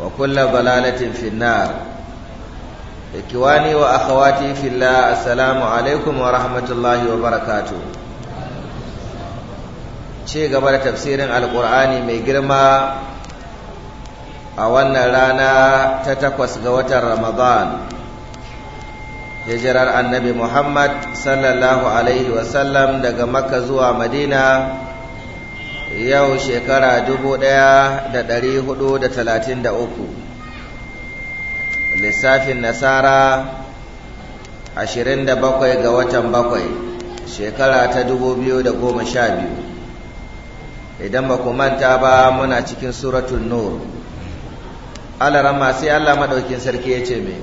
wa kulla balalatin finna. da kiwani wa akhawati filla assalamu alaikum wa rahmatullahi wa barakatu ce gaba da tafsirin alkur'ani mai girma a wannan rana ta takwas ga watan ramadan hijirar annabi muhammad sallallahu alaihi wasallam daga makka zuwa madina yau shekara dubu ɗaya da ɗari hudu da talatin da uku lissafin nasara ashirin da bakwai ga watan bakwai shekara ta dubu biyu da goma sha biyu idan ba ku manta ba muna cikin suratun nur alarama sai allah maɗaukin sarki ya ce mai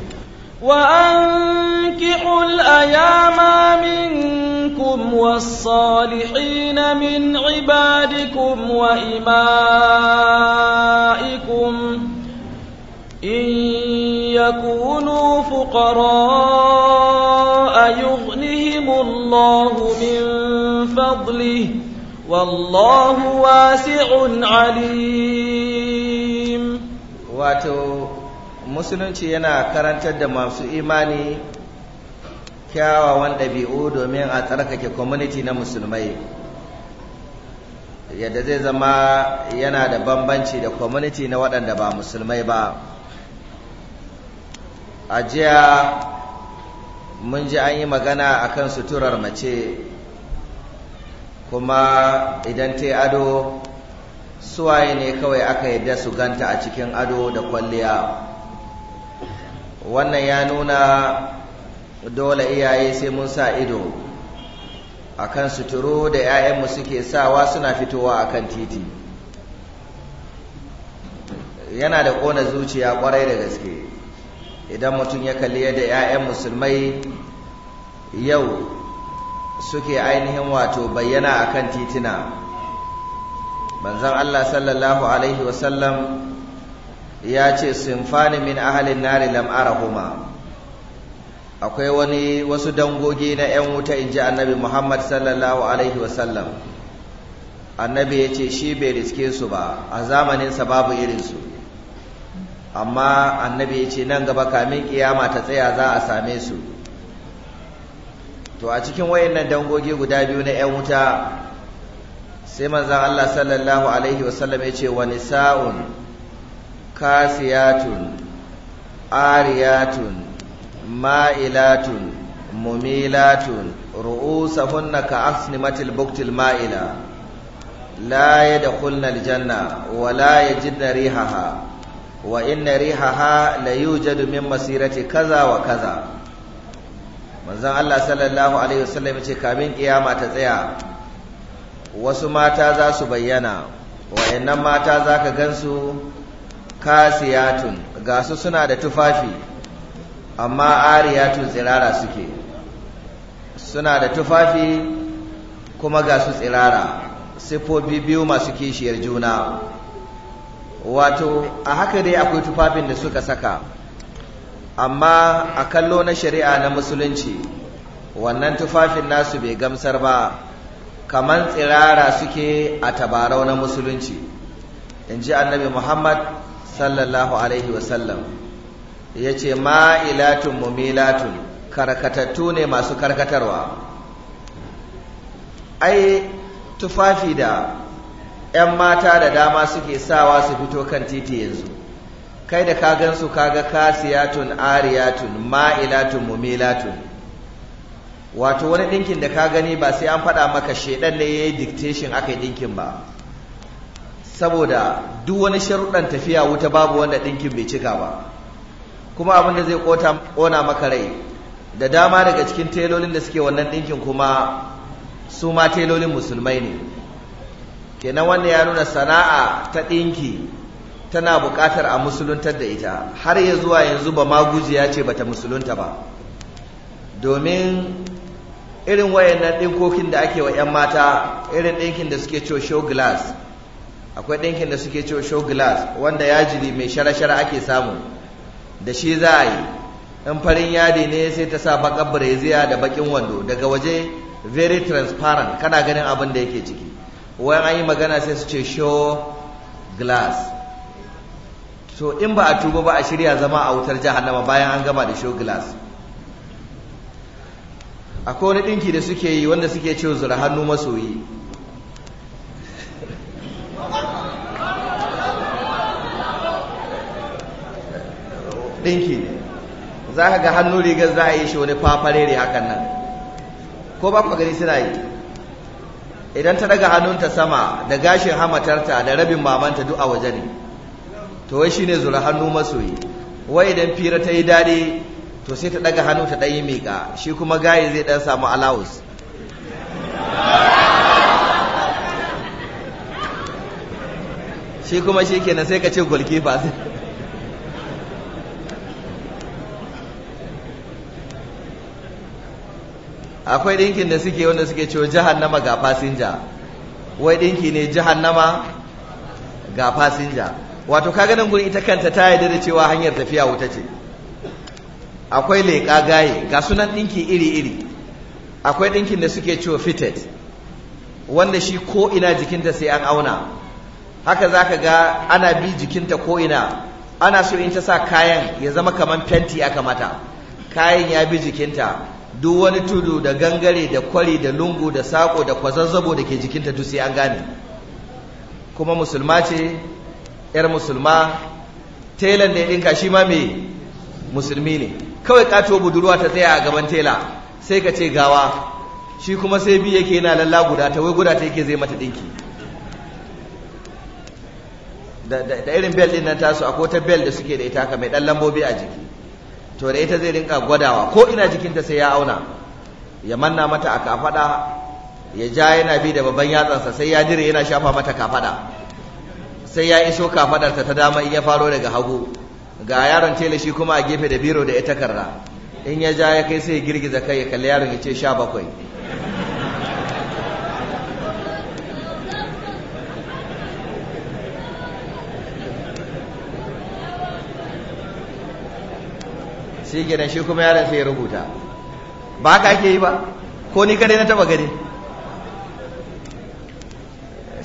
wa'an ki ul'ayama min منكم والصالحين من عبادكم وإمائكم إن يكونوا فقراء يغنهم الله من فضله والله واسع عليم واتو مسلم تينا karantar da masu إيماني kyawawan ɗabi'u domin a tsarkake community na musulmai yadda zai zama yana da bambanci da community na waɗanda ba musulmai ba a jiya mun ji an yi magana a kan suturar mace kuma idan ta ado suwaye ne kawai aka yadda su ganta a cikin ado da kwalliya wannan ya nuna dole iyaye sai mun sa ido akan suturu da 'ya'yanmu suke sawa suna fitowa akan titi yana da ƙona zuciya ƙwarai da gaske idan mutum ya kalli yadda 'ya'yan musulmai yau suke ainihin wato bayyana akan titina manzon Allah sallallahu alaihi wasallam ya ce sinfani min ahalin nari lam arahuma akwai wani wasu dangogi na 'yan wuta in ji annabi muhammad sallallahu alaihi wasallam annabi ya ce shi bai riske su ba a zamaninsa babu irinsu amma annabi ya ce nan gaba kamin kiyama ta tsaya za a same su to a cikin wayannan dangogi guda biyu na 'yan wuta sai manzan allah sallallahu alaihi wasallam ya ce wani Sa'un, kasiyatun ariyatun ma'ilatun mumilatun ru'usahunna ka matil buktil ma'ila la kulnar janna, wa la yajidna rihaha wa inna rihaha la yujadu min masirati kaza wa kaza manzan Allah sallallahu alaihi wasallam ce kamin kiyama ta tsaya wasu mata za su bayyana wayannan mata za Ka gansu kasiyatun gasu suna da tufafi amma ariya tun tsirara suke suna da tufafi kuma ga su tsirara sifofi biyu masu kishiyar juna wato a haka dai akwai tufafin da suka saka amma a kallo na shari'a na musulunci wannan tufafin nasu bai gamsar ba kamar tsirara suke a tabarau na musulunci in ji annabi muhammad sallallahu alaihi wasallam ya ce ma'ilatun mumilatun karkatattu ne masu karkatarwa ai tufafi da 'yan mata da dama suke sawa su fito kan titi yanzu kai da ka gansu kaga kasiyatun ariyatun ma'ilatun mumilatun wato wani ɗinkin da ka gani ba sai an faɗa maka shaidan ne ya yi dictation aka yi ɗinkin ba saboda duk wani sharuɗan tafiya wuta babu wanda ɗinkin bai cika ba kuma abin da zai kona maka rai da dama daga cikin telolin da suke wannan ɗinkin kuma su ma telolin musulmai ne kenan wannan ya nuna sana'a ta ɗinki tana buƙatar a musuluntar da ita har ya zuwa yanzu ba magujiya ce bata musulunta ba domin irin wayannan ɗinkokin da ake wa 'yan mata irin ɗinkin da suke cewa show glass akwai ɗinkin da suke cewa show glass wanda yajiri mai shara-shara ake samu da shi za a yi in farin yadi ne sai ta sa baƙar breziya da bakin wando daga waje very transparent kana ganin abin da yake ciki wayan an yi magana sai su ce show glass so in ba a tuba ba a shirya zama a wutar jahannama bayan an gama da show glass akwai wani dinki da suke yi wanda suke ce zura hannu masoyi ɗinki ne za ka ga hannu rigar za a yi shi wani fafarere hakan nan ko ba ku gani suna yi idan ta daga hannunta sama da gashin hamatarta da rabin mamanta duk a waje ne to wai shine zura hannu masoyi wai idan fira ta yi daɗi to sai ta daga hannu ta ɗan yi miƙa shi kuma gaye zai ɗan samu alawus shi kuma shi kenan sai ka ce golkifa akwai dinkin da suke wanda suke cewa jahannama ga fasinja wai dinki ne jahannama ga fasinja wato kaga nan gurin ita kanta ta yarda da cewa hanyar tafiya wuta ce akwai leƙa gaye ga sunan dinki iri-iri akwai dinkin da suke cewa fitted wanda shi ko ina jikinta sai an auna haka za ka ga ana bi jikinta ko ina ana so in ta sa kayan ya zama kamar fenti aka mata kayan ya bi jikinta duk wani tudu da gangare da kwari da lungu da sako da kwazazzabo da ke jikinta duk sai an gane kuma musulma ce yar musulma telan da ya ɗinka shi ma mai musulmi ne kawai ƙato budurwa ta tsaya a gaban tela sai ka ce gawa shi kuma sai bi yake yana lalla guda ta wai guda ta yake zai mata ɗinki da irin bel ɗin nan tasu akwai ta bel da suke da ita haka mai ɗan lambobi a jiki to da ita zai rinka gwadawa ko ina jikinta sai ya auna ya manna mata a kafada ya ja yana bi da babban yatsansa sai ya dire yana shafa mata kafada sai ya iso kafaɗarta ta dama in ya faro daga hagu ga yaron tele shi kuma a gefe da biro da ita karra in ya ja ya kai sai ya girgiza kai ya kalli yaron ya ce sha bakwai sai gidan shi kuma yaron sai ya rubuta ba ka ake yi ba ko ni kadai na taba gani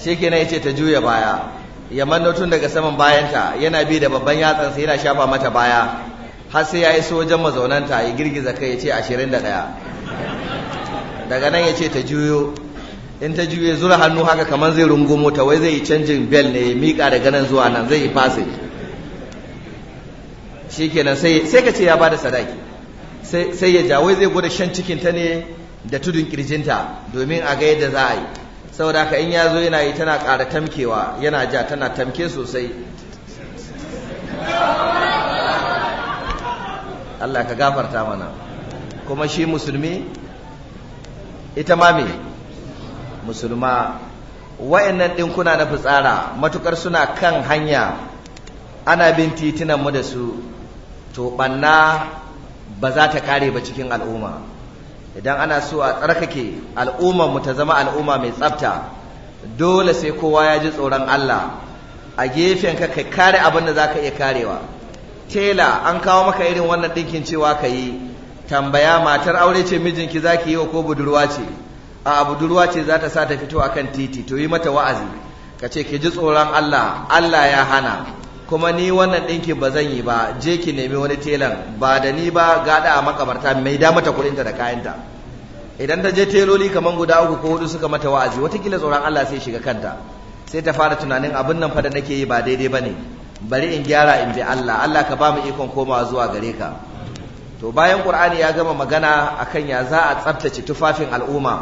shi kenan ya ce ta juya baya ya manno tun daga saman bayanta yana bi da babban yatsansa yana shafa mata baya har sai ya iso wajen mazaunanta ya girgiza kai ya ce ashirin da ɗaya daga nan ya ce ta juyo in ta juye zura hannu haka kamar zai rungumo ta wai zai yi canjin bel ne ya miƙa daga nan zuwa nan zai yi passage shikenan sai sai ka ce ya bada sadaki sai sai ya jawo zai gwada shan cikin ta ne da tudun kirjinta domin a ga yadda za a yi saboda haka in ya zo yana yi tana ƙara tamkewa yana ja tana tamke sosai Allah ka gafarta mana kuma shi musulmi ita ma me musulma wayannan ɗinkuna na fitsara matukar suna kan hanya ana bin titunan mu da su to banna ba za ta kare ba cikin al'umma idan ana so a tsarkake al'umma mu ta zama al'umma mai tsafta dole sai kowa ya ji tsoron Allah a gefen ka kai kare abin da zaka iya karewa tela an kawo maka irin wannan dinkin cewa ka yi tambaya matar aure ce mijinki zaki yi wa ko budurwa ce a budurwa ce za ta sa ta fito akan titi to yi mata wa'azi ka ce ki ji tsoron Allah Allah ya hana kuma ni wannan ɗinki ba zan yi ba je ki nemi wani telan ba da ni ba gaɗa a makabarta mai da mata kuɗinta da kayanta idan ta je teloli kamar guda uku ko hudu suka mata wa'azi watakila tsoron Allah sai shiga kanta sai ta fara tunanin abin nan fada nake yi ba daidai ba ne. bari in gyara in bi Allah Allah ka ba mu ikon komawa zuwa gare ka to bayan ƙur'ani ya gama magana akan ya za a tsaftace tufafin al'umma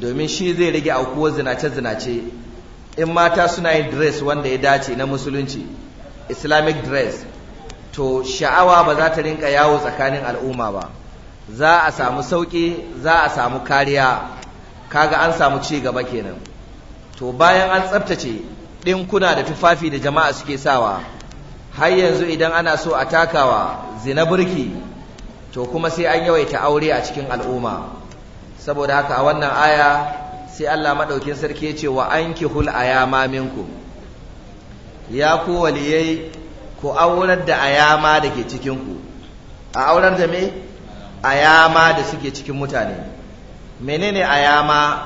domin shi zai rage aukuwar zinace-zinace in mata suna yin dress wanda ya dace na musulunci islamic dress to sha'awa ba za ta rinka yawo tsakanin al'umma ba za a samu sauƙi za a samu kariya kaga an samu ci gaba kenan to bayan an tsabtace ɗinkuna da tufafi da jama'a suke sawa har yanzu idan ana so a takawa zina burki to kuma sai an yawaita aure a cikin al'umma saboda haka a wannan aya sai Allah maɗaukin sarki ya ce wa an kihul ayama minku ya ku waliyai ku aurar da ayama da ke cikinku a aurar da me ayama da suke cikin mutane menene ayama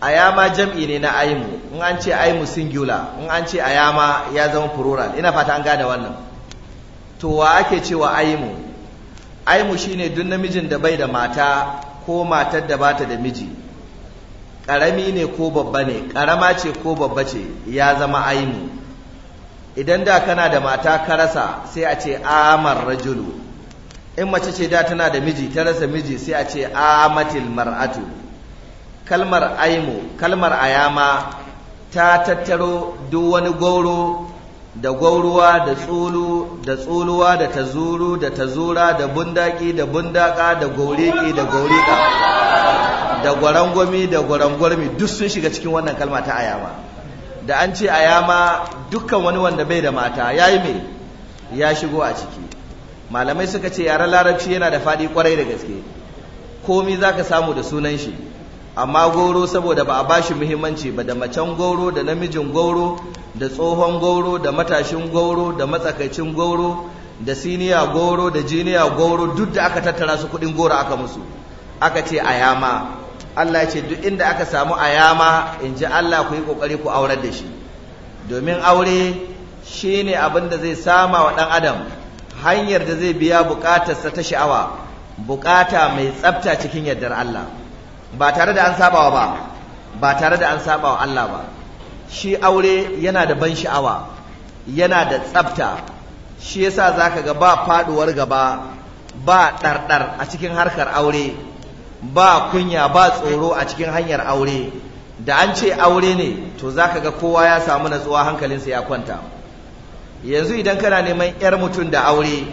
ayama jam'i ne na aimu in an ce aimu singular in an ce ayama ya zama plural ina fata an gane wannan to wa ake cewa aimu aimu shine duk namijin da bai da mata ko matar da bata da miji ƙarami ne ko babba ne karama ce ko babba ce ya zama aini idan da kana da mata ka rasa sai a ce amar rajulu in mace ce da tana da miji ta rasa miji sai a ce amatil mar'atu kalmar aimu kalmar ayama ta tattaro duk wani gauro da gauruwa da tsulu da tsuluwa da tazuru da tazura da bundaki da bundaka da gauriki da gaurika da gwarangwami da gwarangwarmi duk sun shiga cikin wannan kalma ta ayama da an ce ayama dukkan wani wanda bai da mata ya yi mai ya shigo a ciki malamai suka ce yaren larabci yana da faɗi kwarai da gaske komi ka samu da sunan shi amma goro saboda ba a bashi muhimmanci ba da macen goro da namijin goro da tsohon goro da matashin goro da matsakaicin goro da siniya goro da jiniya goro duk da aka tattara su kuɗin goro aka musu aka ce a yama Allah ya ce duk inda aka samu ayama in ji Allah ku yi kokari ku aurar da shi domin aure shine abin da zai sama wa ɗan adam hanyar da zai biya bukatarsa ta sha'awa buƙata mai tsafta cikin yardar Allah ba tare da an wa ba ba tare da an wa Allah ba shi aure yana da ban sha'awa yana da tsafta shi yasa zaka ga ba faɗuwar gaba ba ɗarɗar a cikin harkar aure ba kunya ba tsoro a cikin hanyar aure da an ce aure ne to za ka ga kowa ya samu natsuwa hankalinsa ya kwanta yanzu idan kana neman yar mutum da aure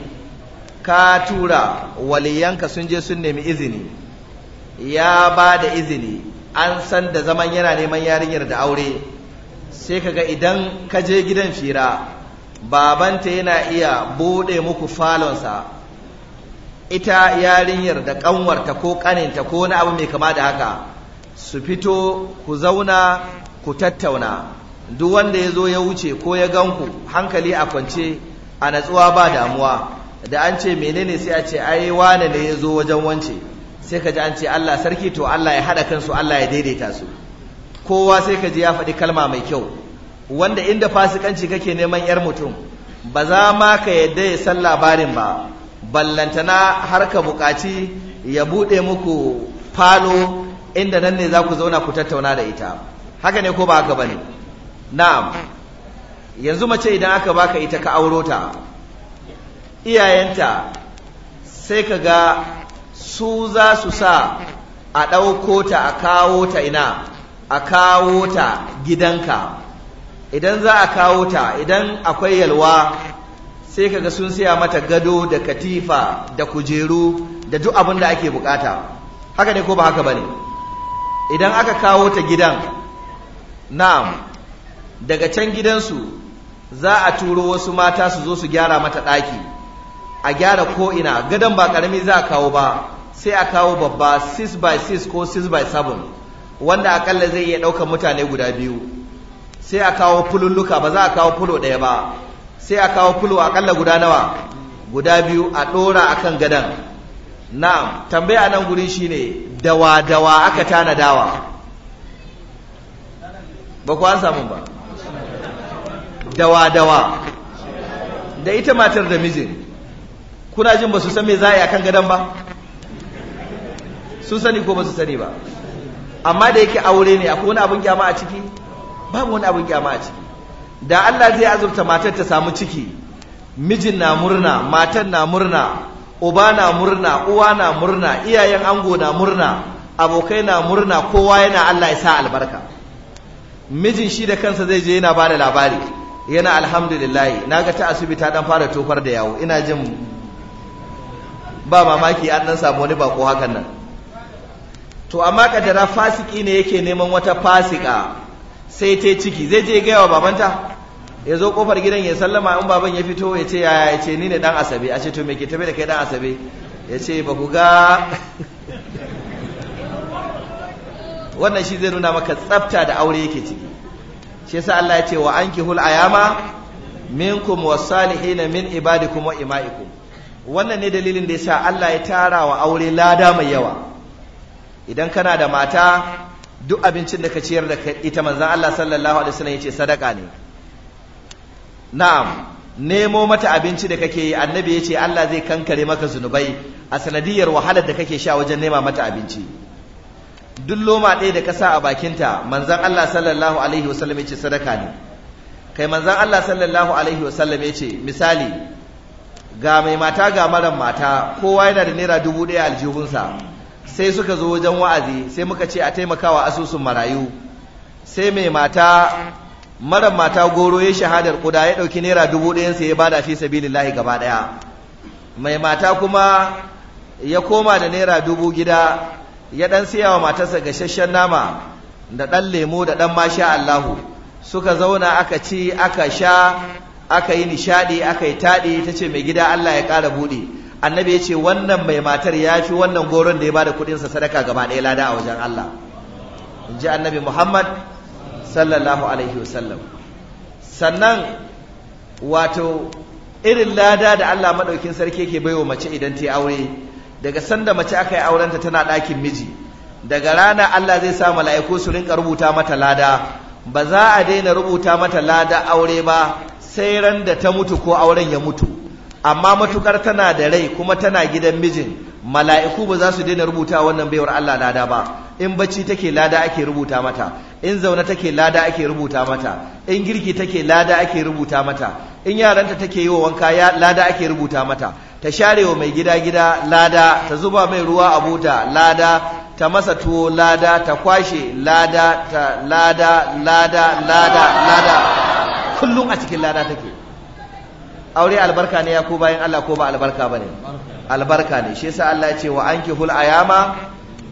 ka tura waliyanka sun je sun nemi izini ya ba da izini an san da zaman yana neman yarinyar da aure sai kaga idan ka je gidan fira babanta yana iya bude muku falonsa ita yarinyar da kanwarta ko kaninta ko wani abu mai kama da haka su fito ku zauna ku tattauna duk wanda ya zo ya wuce ko ya ku hankali a kwance a natsuwa ba damuwa da an ce menene sai a ce ai wane ne ya zo wajen wance sai ka ji an ce Allah sarki to Allah ya haɗa kansu Allah ya daidaita su kowa sai ka ji ya faɗi kalma mai kyau wanda inda fasikanci kake neman yar mutum ba za ma ka yadda ya san labarin ba ballantana har ka buƙaci ya buɗe muku falo inda nan ne za ku zauna ku tattauna da ita haka ne ko ba haka ba ne na'am yanzu mace idan aka baka ita ka auro ta iyayenta sai ka ga su za su sa a ɗauko ta a kawo ta ina a kawo ta gidanka idan za a kawo ta idan akwai yalwa sai kaga sun siya mata gado da katifa da kujeru da duk abin da ake bukata haka ne ko ba haka bane idan aka kawo ta gidan na'am daga can gidansu za a turo wasu mata su zo su gyara mata daki a gyara ko ina gadon ba karami za a kawo ba sai a kawo babba 6 by 6 ko 6 by 7 wanda akalla zai iya ɗaukar mutane guda biyu sai a kawo fululluka ba za a kawo fulo ɗaya ba sai a kawo fulo akalla guda nawa guda biyu a ɗora a kan gadon na'am tambaya nan gurin shine dawa dawa aka tana dawa ba ku an samu ba dawa dawa da ita matar da mijin kuna jin ba su san me za a yi a kan gadon ba sun sani ko ba su sani ba amma da yake aure ne akwai wani abin kyama a ciki babu wani abin kyama a ciki da Allah zai azurta matar ta samu ciki mijin na murna matan na murna uba na murna uwa na murna iyayen ango na murna abokai na murna kowa yana Allah ya sa albarka mijin shi da kansa zai je yana ba da labari yana alhamdulillah ga ta ta dan fara tofar da yawo ina jin ba mamaki an dan samu wani bako hakan nan to amma kadara fasiki ne yake neman wata fasika sai ta ciki zai je gaya wa babanta ya zo kofar gidan ya sallama in baban ya fito ya ce yaya ya ce ni ne dan asabe a ce to me ke tafe da kai dan asabe ya ce ba ku ga wannan shi zai nuna maka tsafta da aure yake ciki shi yasa Allah ya ce wa ankihul ayama minkum wasalihin min ibadikum wa imaikum wannan ne dalilin da yasa Allah ya tara wa aure lada mai yawa idan kana da mata duk abincin da ka ciyar da ita manzan Allah sallallahu alaihi wasallam yace sadaka ne na'am nemo mata abinci da kake yi annabi yace Allah zai kankare maka zunubai a sanadiyar wahalar da kake sha wajen nema mata abinci duk loma ɗaya da ka sa a bakinta manzan Allah sallallahu alaihi wasallam yace sadaka ne kai manzan Allah sallallahu alaihi wasallam yace misali ga mai mata ga maran mata kowa yana da naira dubu ɗaya aljihunsa sai suka zo wajen wa'azi sai muka ce a taimakawa asusun marayu sai mai mata mara mata goro ya shahadar kuda ya ɗauki naira dubu ɗayan sai ya bada fi sabilillahi gaba ɗaya mai mata kuma ya koma da naira dubu gida ya ɗan siya wa matarsa gasasshen nama da ɗan lemo da ɗan masha Allahu suka zauna aka ci aka sha aka yi nishaɗi aka yi taɗi ta ce mai gida Allah ya ƙara buɗe annabi ya ce wannan mai matar ya fi wannan goron da ya bada kuɗinsa sadaka gaba ɗaya lada a wajen Allah in ji annabi Muhammad sallallahu alaihi wasallam sannan wato irin lada da Allah maɗaukin sarki yake baiwa mace idan ta yi aure daga sanda mace aka yi aurenta tana ɗakin miji daga rana Allah zai sa mala'iku su rinka rubuta mata lada ba za a daina rubuta mata lada aure ba sai ran da ta mutu ko auren ya mutu amma matukar tana da rai kuma tana gidan mijin mala'iku ba za su daina rubuta wannan baiwar Allah lada ba in bacci take lada ake rubuta mata in zaune take lada ake rubuta mata in girki take lada ake rubuta mata in yaranta take yi wa wanka lada ake rubuta mata ta share wa mai gida gida lada ta zuba mai ruwa a buta lada ta masa tuwo lada ta kwashe lada ta lada lada lada lada kullum a cikin lada take aure albarka ne ya ko bayan Allah ko ba albarka bane albarka ne shi yasa Allah ya ce wa hul ayama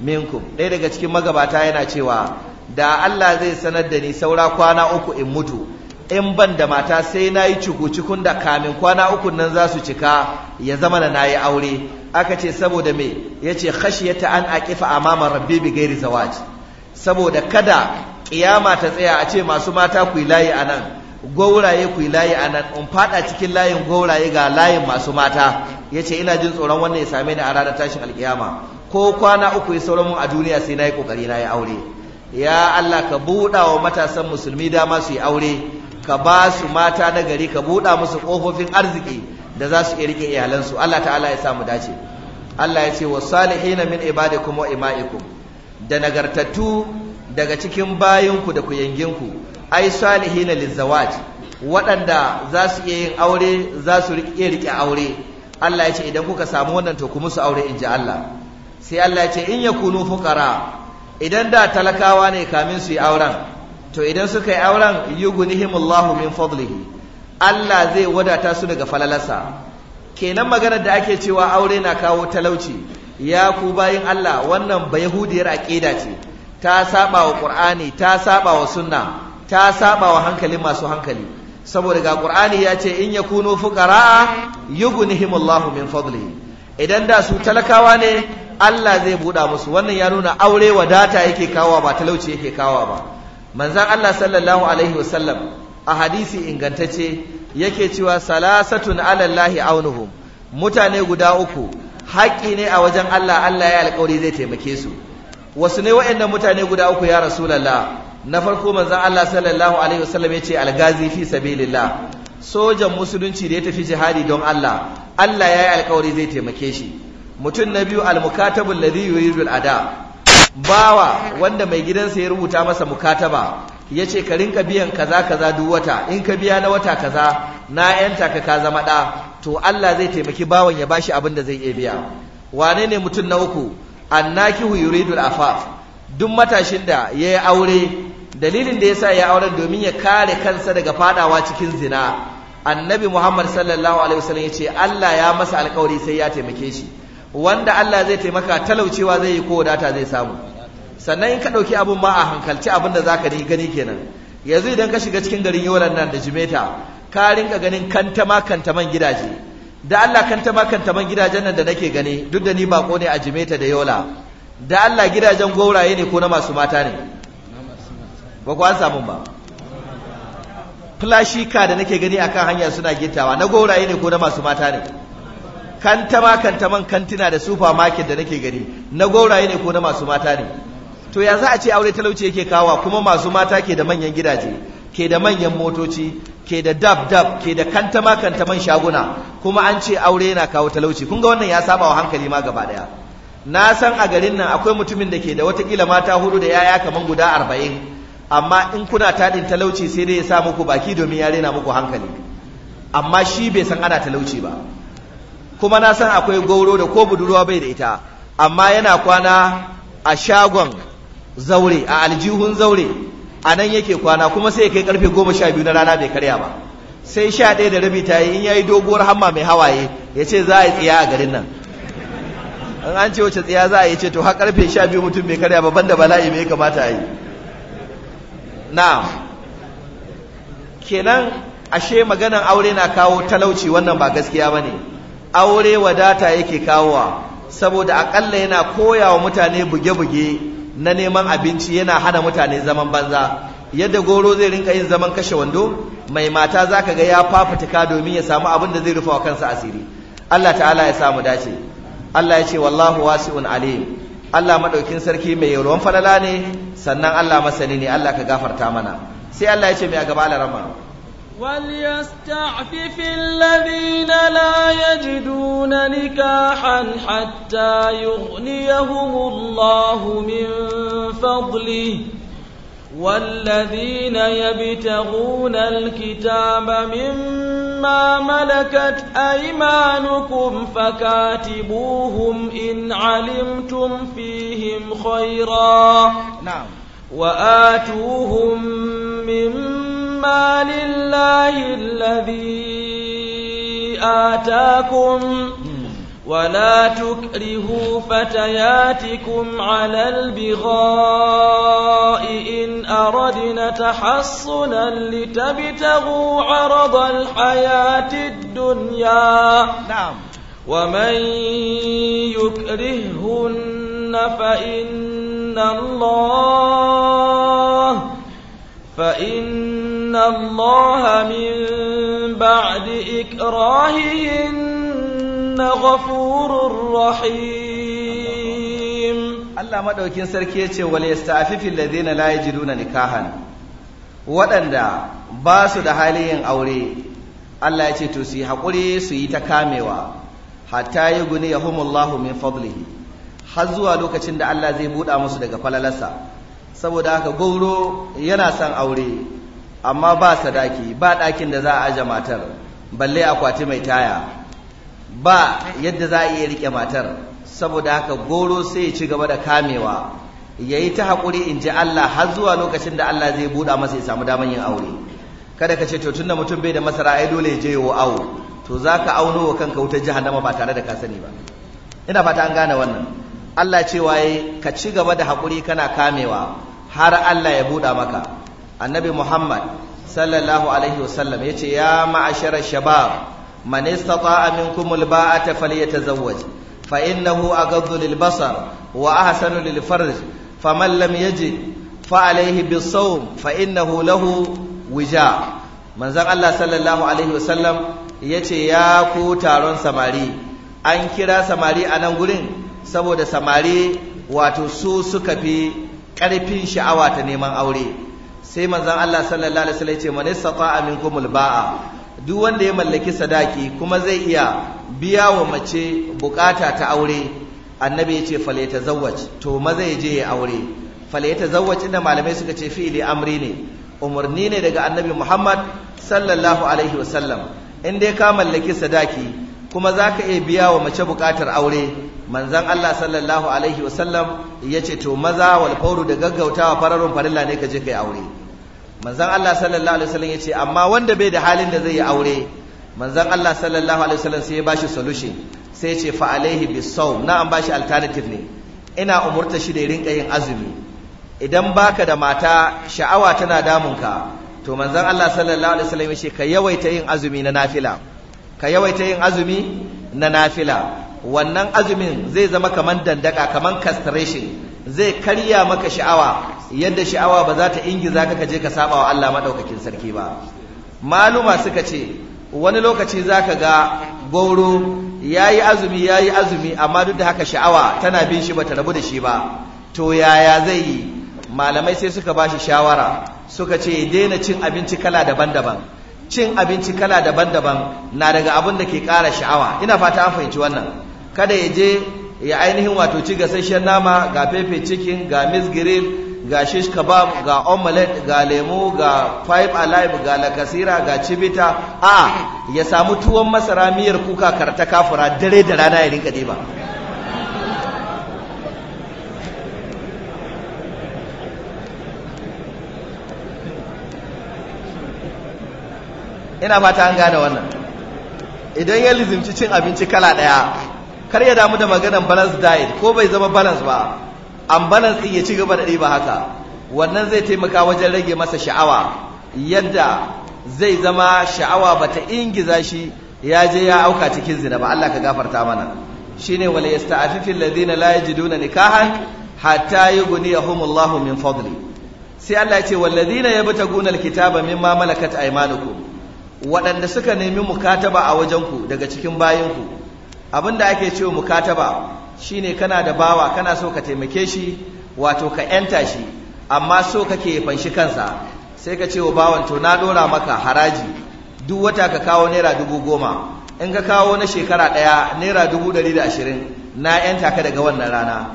minkum ɗaya daga cikin magabata yana cewa da Allah zai sanar da ni saura kwana uku in mutu in ban da mata sai na yi cuku da kamin kwana uku nan za su cika ya zama da na yi aure aka ce saboda me ya ce khashiyata an aqifa amama rabbi bi gairi zawaj saboda kada kiyama ta tsaya a ce masu mata ku yi layi a nan gwauraye ku yi layi a nan in fada cikin layin gwauraye ga layin masu mata ya ce ina jin tsoron wannan ya same ni a ranar tashin alkiyama ko kwana uku ya sauran mun a duniya sai na yi kokari na yi aure ya Allah ka buɗa wa matasan musulmi dama su yi aure ka ba su mata na gari ka buɗa musu kofofin arziki da za su iya rike iyalansu Allah ta'ala ya sa mu dace Allah ya ce wa salihina min ibadikum wa ima'ikum da nagartattu daga cikin bayinku da ku kuyanginku ai salihina lizawaj waɗanda za su iya yin aure za su iya rike aure Allah ya ce idan kuka samu wannan to ku musu aure in ji Allah sai Allah ya ce in yakunu fuqara idan da talakawa ne kamin su yi auren to idan suka yi auren yughnihimullahu min fadlihi Allah zai wadata su daga falalarsa kenan maganar da ake cewa aure na kawo talauci ya ku bayin Allah wannan bayahudiyar yahudiyar aqida ce ta saba wa qur'ani ta saba wa sunna ta saba wa hankalin masu hankali saboda ga qur'ani ya ce in ya yakunu fuqara Allahu min fadlihi idan da su talakawa ne Allah zai buɗa musu wannan ya nuna aure wadata yake kawo ba talauci yake kawo ba manzon Allah sallallahu alaihi wasallam a hadisi ingantacce yake cewa salasatun alallahi aunuhum mutane guda uku haƙƙi ne a wajen Allah Allah ya alƙawari zai taimake su wasu ne waɗannan mutane guda uku ya rasulullah na farko manzon Allah sallallahu alaihi wasallam yace algazi fi sabilillah sojan musulunci da ya tafi jihadi don Allah Allah yayi alkawari zai taimake shi mutum na biyu almukatabul ladhi yuridul da. bawa wanda mai gidansa ya rubuta masa mukataba yace ka rinka biyan kaza kaza duk wata in ka biya na wata kaza na yanta ka ka zama da to Allah zai taimaki bawan ya bashi abin da zai iya biya wane ne mutum na uku annakihu yuridul afaf duk matashin da ya yi aure dalilin da ya sa ya aure domin ya kare kansa daga fadawa cikin zina annabi muhammad sallallahu alaihi wasallam ya ce allah ya masa alkawari sai ya taimake shi wanda allah zai taimaka talaucewa zai yi ko data zai samu sannan in ka ɗauki abin ma a hankalci abin da zaka gani kenan yanzu idan ka shiga cikin garin yolan nan da jimeta ka rinka ganin kantama kantaman gidaje da allah kantama man gidajen nan da nake gani duk da ni bako ne a jimeta da yola da Allah gidajen gauraye ne ko na masu mata ne ba ku an samun ba flashika da nake gani akan hanya suna gittawa na gauraye ne ko na masu mata ne kantama kantaman kantina da supermarket da nake gani na gauraye ne ko na masu mata ne to ya za a ce aure talauci yake kawa kuma masu mata ke da manyan gidaje ke da manyan motoci ke da dab dab ke da kantama kantaman shaguna kuma an ce aure yana kawo talauci kun ga wannan ya saba wa hankali ma gaba daya na san a garin nan akwai mutumin da ke da watakila mata hudu da yaya kamar guda arba'in amma in kuna taɗin talauci sai dai ya sa muku baki domin ya rena muku hankali amma shi bai san ana talauci ba kuma na san akwai gauro da ko budurwa bai da ita amma yana kwana a shagon zaure a aljihun zaure a nan yake kwana kuma sai ya kai karfe goma sha biyu na rana bai karya ba sai sha ɗaya da rabi ta yi in ya yi doguwar hamma mai hawaye ya ce za a yi tsiya a garin nan an an ce wacce tsiya za a yi ce to har karfe biyu mutum bai karya ba banda bala'i mai kamata a yi Na. kenan ashe maganan aure na kawo talauci wannan ba gaskiya ba ne. aure wadata yake kawowa saboda akalla yana koya wa mutane buge-buge na neman abinci yana hana mutane zaman banza yadda goro zai rinka yin zaman kashe wando mai mata za ka ga ya fafutuka domin ya samu abin da zai rufa wa kansa asiri Allah ta'ala ya samu dace Allah ya ce wallahu wasi'un alim Allah madaukin sarki mai yalwan falala ne sannan Allah masani ne Allah ka gafarta mana sai Allah ya ce mai a gaba alarama وليستعفف الذين لا يجدون نكاحا حتى يغنيهم الله من فضله والذين يبتغون الكتاب مما ما ملكت أيمانكم فكاتبوهم إن علمتم فيهم خيرا نعم وآتوهم مما لله الذي آتاكم ولا تكرهوا فتياتكم على البغاء إن أردنا تحصنا لتبتغوا عرض الحياة الدنيا نعم ومن يكرهن فإن الله فإن الله من بعد إكراههن غفور رحيم الله sarki yace wal وليستعفف الذين la yajiduna nikahan waɗanda ba su da halin aure Allah yace to su yi hakuri su yi ta kamewa hatta yi yahumullahu ya humullahu min fadlihi har zuwa lokacin da Allah zai buɗa musu daga falalarsa saboda haka gauro yana son aure amma ba sadaki ba ɗakin da za a aje matar balle akwati mai taya ba yadda za a iya rike matar saboda haka goro sai ya ci gaba da kamewa ya yi ta haƙuri in ji Allah har zuwa lokacin da Allah zai buɗa masa ya samu damar yin aure kada ka ce to tunda mutum bai da masara ai dole ya je yawo awo to za ka auno wa kanka wutar jahannama ba tare da ka sani ba ina fata an gane wannan Allah ce waye ka ci gaba da haƙuri kana kamewa har Allah ya buɗa maka annabi Muhammad sallallahu alaihi wasallam yace ya ma'ashara shabab man istata'a minkum alba'ata falyatazawwaj fa innahu aghaddu lilbasar wa ahsanu lilfarj faman lam yajid fa alayhi bisawm fa innahu lahu wija manzon Allah sallallahu alaihi wasallam yace ya ku taron samari an kira samari a nan gurin saboda samari wato su suka fi ƙarfin sha'awa ta neman aure sai manzon Allah sallallahu alaihi wasallam yace man istata'a minkum alba'a duk wanda ya mallaki sadaki kuma zai iya biya wa mace bukata ta aure annabi ya ce fale ta to maza ya je ya aure fale ta inda malamai suka ce fi'ili amri ne umarni ne daga annabi muhammad sallallahu alaihi wasallam in dai ka mallaki sadaki kuma za ka iya biya wa mace bukatar aure manzan allah sallallahu alaihi wasallam ya ce to maza wal fauru da gaggautawa fararun farilla ne ka je ka yi aure manzan Allah sallallahu alaihi wasallam yace amma wanda bai da halin da zai yi aure manzan Allah sallallahu alaihi wasallam sai ya bashi solution sai ce fa alaihi bisawm na an bashi alternative ne ina umurta shi da rinka yin azumi idan baka da mata sha'awa tana damun ka to manzan Allah sallallahu alaihi wasallam yace ka yawaita yin azumi na nafila ka yawaita yin azumi na nafila wannan azumin zai zama kaman dandaka kaman castration zai karya maka sha'awa yadda sha'awa ba za ta ingiza ka je ka saba wa Allah madaukakin sarki ba maluma suka ce wani lokaci zaka ga goro yayi azumi yayi azumi amma duk da haka sha'awa tana bin shi ba ta rabu da shi ba to yaya zai yi malamai sai suka bashi shawara suka ce daina cin abinci kala daban-daban cin abinci kala daban-daban na daga abin da ke ƙara sha'awa ina fata an fahimci wannan kada ya je ya ainihin wato ci gasasshen nama ga fefe cikin ga miss grill ga shish kabab ga omelette ga lemu ga five alive ga lakasira ga cibita a ya samu tuwon masara miyar kuka karta kafura dare da rana ya rinka ba ina fata an gane wannan idan ya lizimci cin abinci kala daya kar ya damu da maganan balance diet ko bai zama balance ba ambalan ya ci gaba da ɗiba haka wannan zai taimaka wajen rage masa sha'awa yadda zai zama sha'awa bata ingiza shi ya je ya auka cikin zina ba Allah ka gafarta mana shine wal na Ladina la yajiduna nikahan hatta yughniyahum Allahu min fadli sai Allah ya ce walladhina yabtaguna min mimma malakat aymanukum waɗanda suka nemi mukataba a wajenku daga cikin bayinku abinda ake cewa mukataba Shi ne kana da bawa kana so ka taimake shi wato ka yanta shi amma so kake fanshi kansa sai ka ce wa bawan to na dora maka haraji duk wata ka kawo naira dubu goma in ka kawo na shekara ɗaya naira dubu ɗari da ashirin na yanta ka daga wannan rana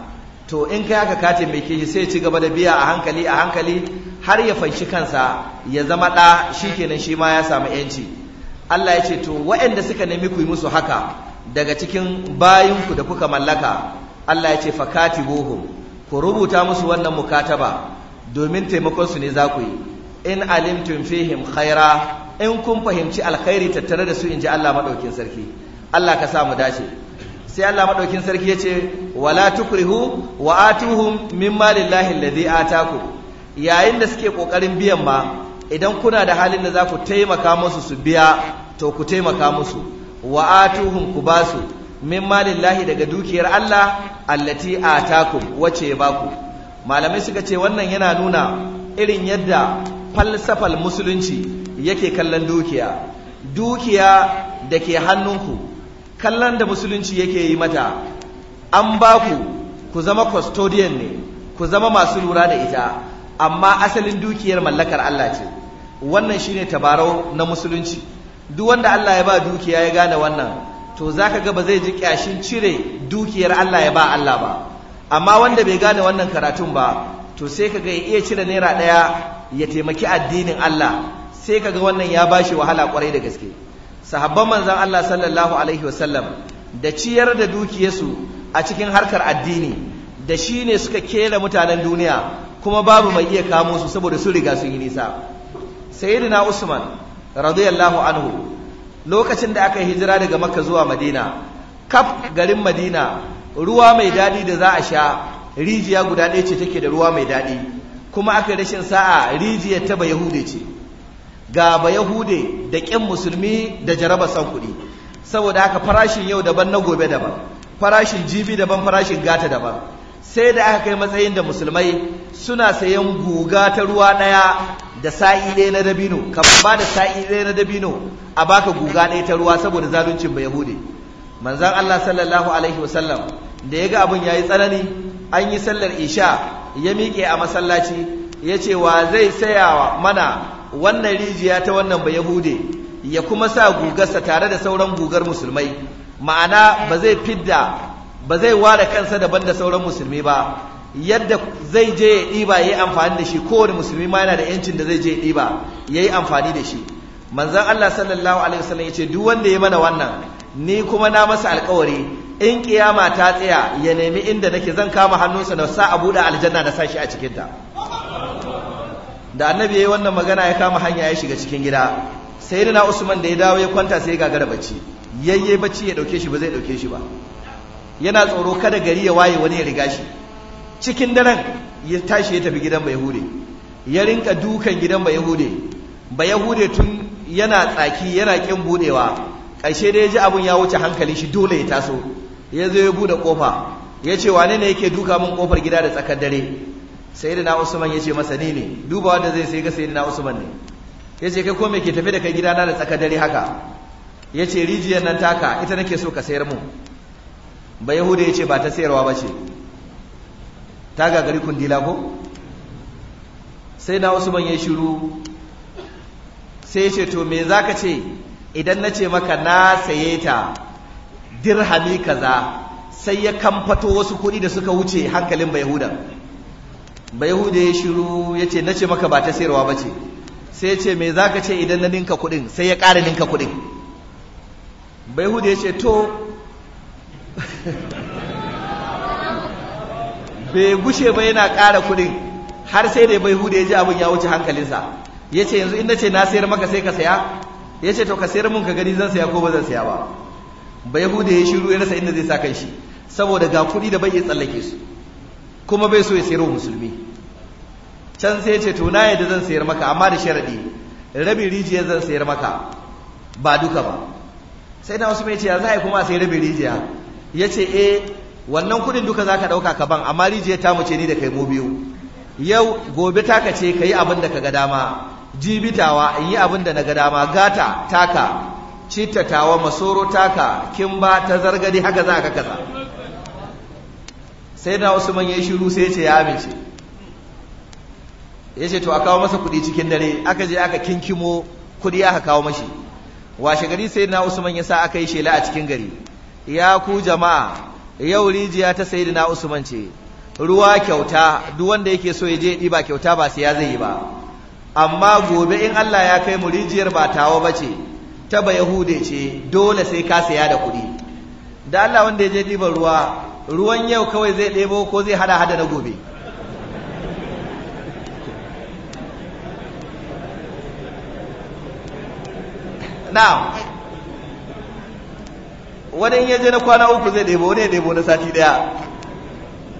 to in kai haka ka taimake shi sai ci gaba da biya a hankali a hankali har ya fanshi kansa ya zama ɗa shi kenan shi ma ya samu yanci Allah ya ce to waɗanda suka nemi ku yi musu haka daga cikin bayinku da kuka mallaka Allah ya ce bohu ku rubuta musu wannan mukataba domin taimakon su ne za ku yi in alimtum fihim khaira in kun fahimci alkhairi tattare da su inji Allah madaukin sarki Allah ka sa mu dace sai Allah madaukin sarki ya ce wala tukrihu wa atuhum mimma lillahi alladhi ataku yayin da suke kokarin biyan ma idan kuna da halin da za ku taimaka musu su biya to ku taimaka musu wa atuhum ku basu min malillahi daga dukiyar Allah allati atakum wace ya baku malamai suka ce wannan yana nuna irin yadda falsafal musulunci yake kallon dukiya dukiya da ke hannunku kallon da musulunci yake yi mata an baku ku zama custodian ne ku zama masu lura da ita amma asalin dukiyar mallakar Allah ce wannan shine tabarau na musulunci duk wanda Allah ya ba dukiya ya gane wannan to zaka ga ba zai ji kyashin cire dukiyar Allah ya ba Allah ba amma wanda bai gane wannan karatun ba to sai ka ga ya iya cire naira ɗaya ya taimaki addinin Allah sai ka ga wannan ya ba shi wahala kwarai da gaske sahabban manzon Allah sallallahu alaihi wasallam da ciyar da dukiyarsu a cikin harkar addini da shi ne suka kera mutanen duniya kuma babu mai iya kamo su saboda su riga sun yi nisa sayyidina usman radiyallahu anhu lokacin da aka hijira daga makka zuwa madina kaf garin madina ruwa mai daɗi da za a sha rijiya guda ɗaya ce take da ruwa mai daɗi kuma aka yi rashin sa'a rijiyar ta yahude ce ga ba yahude da ƙin musulmi da jaraba son kuɗi saboda aka farashin yau daban na gobe daban farashin jibi daban farashin gata daban sai da aka kai matsayin da musulmai suna sayan guga ta ruwa ɗaya da sa'i ɗaya na dabino kamar ba da sa'i ɗaya na dabino a baka guga ɗaya ta ruwa saboda zaluncin ba yahude manzon Allah sallallahu alaihi wasallam da ya ga abin ya yi tsanani an yi sallar isha ya miƙe a masallaci ya ce wa zai saya mana wannan rijiya ta wannan ba yahude ya kuma sa gugarsa tare da sauran gugar musulmai ma'ana ba zai fidda ba zai ware kansa daban da sauran musulmi ba yadda zai je ya ɗiba ya yi amfani da shi kowane musulmi ma yana da yancin da zai je ya ɗiba ya yi amfani da shi manzan Allah sallallahu alaihi wasallam ya ce duk wanda ya mana wannan ni kuma na masa alkawari in kiyama ta tsaya ya nemi inda nake zan kama hannunsa na sa a buɗe aljanna da sa shi a ta da annabi ya yi wannan magana ya kama hanya ya shiga cikin gida sai na usman da ya dawo ya kwanta sai ya gagara bacci yayye bacci ya dauke shi ba zai dauke shi ba yana tsoro kada gari ya waye wani ya riga shi cikin daren ya tashi ya tafi gidan bayahude ya rinka dukan gidan bayahude bayahude tun yana tsaki yana kin budewa ƙashe da ya ji abin ya wuce hankali shi dole ya taso ya zo ya bude kofa ya ce wane ne yake duka min kofar gida da tsakar dare sayyidina usman ya ce masa ni ne duba wanda zai sai ga sayyidina usman ne ya ce kai ko ke tafi da kai gidana da tsakar dare haka ya ce rijiyar nan taka ita nake so ka sayar mu ba yahuda ya ce ba ta sayarwa ba ce ta gagari kundila ko sai na wasu ban yi shiru sai ce to me za ka ce idan na ce maka na saye ta dirhami kaza sai ya kamfato wasu kuɗi da suka wuce hankalin bayahudan bayahuda ya shiru ya ce na ce maka ba ta sayarwa ba ce sai ce me za ka ce idan na ninka kudin sai ya kara ninka bai bayahuda ya ce to bai gushe ba yana ƙara kuɗin har sai da bai hude ya ji abin ya wuce hankalinsa ya ce yanzu in na ce na sayar maka sai ka saya ya ce to ka sayar mun ka gani zan saya ko ba zan saya ba bai hude ya shiru ya rasa inda zai sa kai shi saboda ga kuɗi da bai iya tsallake su kuma bai so ya sayar wa musulmi can sai ya ce to na yadda zan sayar maka amma da sharaɗi rabin rijiya zan sayar maka ba duka ba sai na wasu mai ce ya za a yi kuma a sayar rabin rijiya ya ce eh wannan kudin duka za ka ɗauka ka ban amma rijiya ta muce ni da kai mu biyu yau gobe taka ce ka yi abin da ka ga dama jibitawa in yi abin da na ga dama gata taka cittatawa masoro taka ba ta zargadi haka za ka kaza sai na wasu yayi shiru sai ce ya amince ce to a kawo masa kudi cikin dare aka je aka kinkimo kudi aka kawo mashi washe gari sai na wasu ya sa aka yi shela a cikin gari ya ku jama'a yau rijiya ta sayi na usman ce ruwa kyauta duk wanda yake so ya je ɗiba kyauta ba sai ya zai yi ba amma gobe in Allah ya kai mu rijiyar ba tawa ba ce ta ba yahude ce dole sai ka saya da kuɗi da Allah wanda ya je ɗiban ruwa ruwan yau kawai zai ɗebo ko zai hada hada na gobe now wani ya je na kwana uku zai ɗebo wani ya ɗebo na sati ɗaya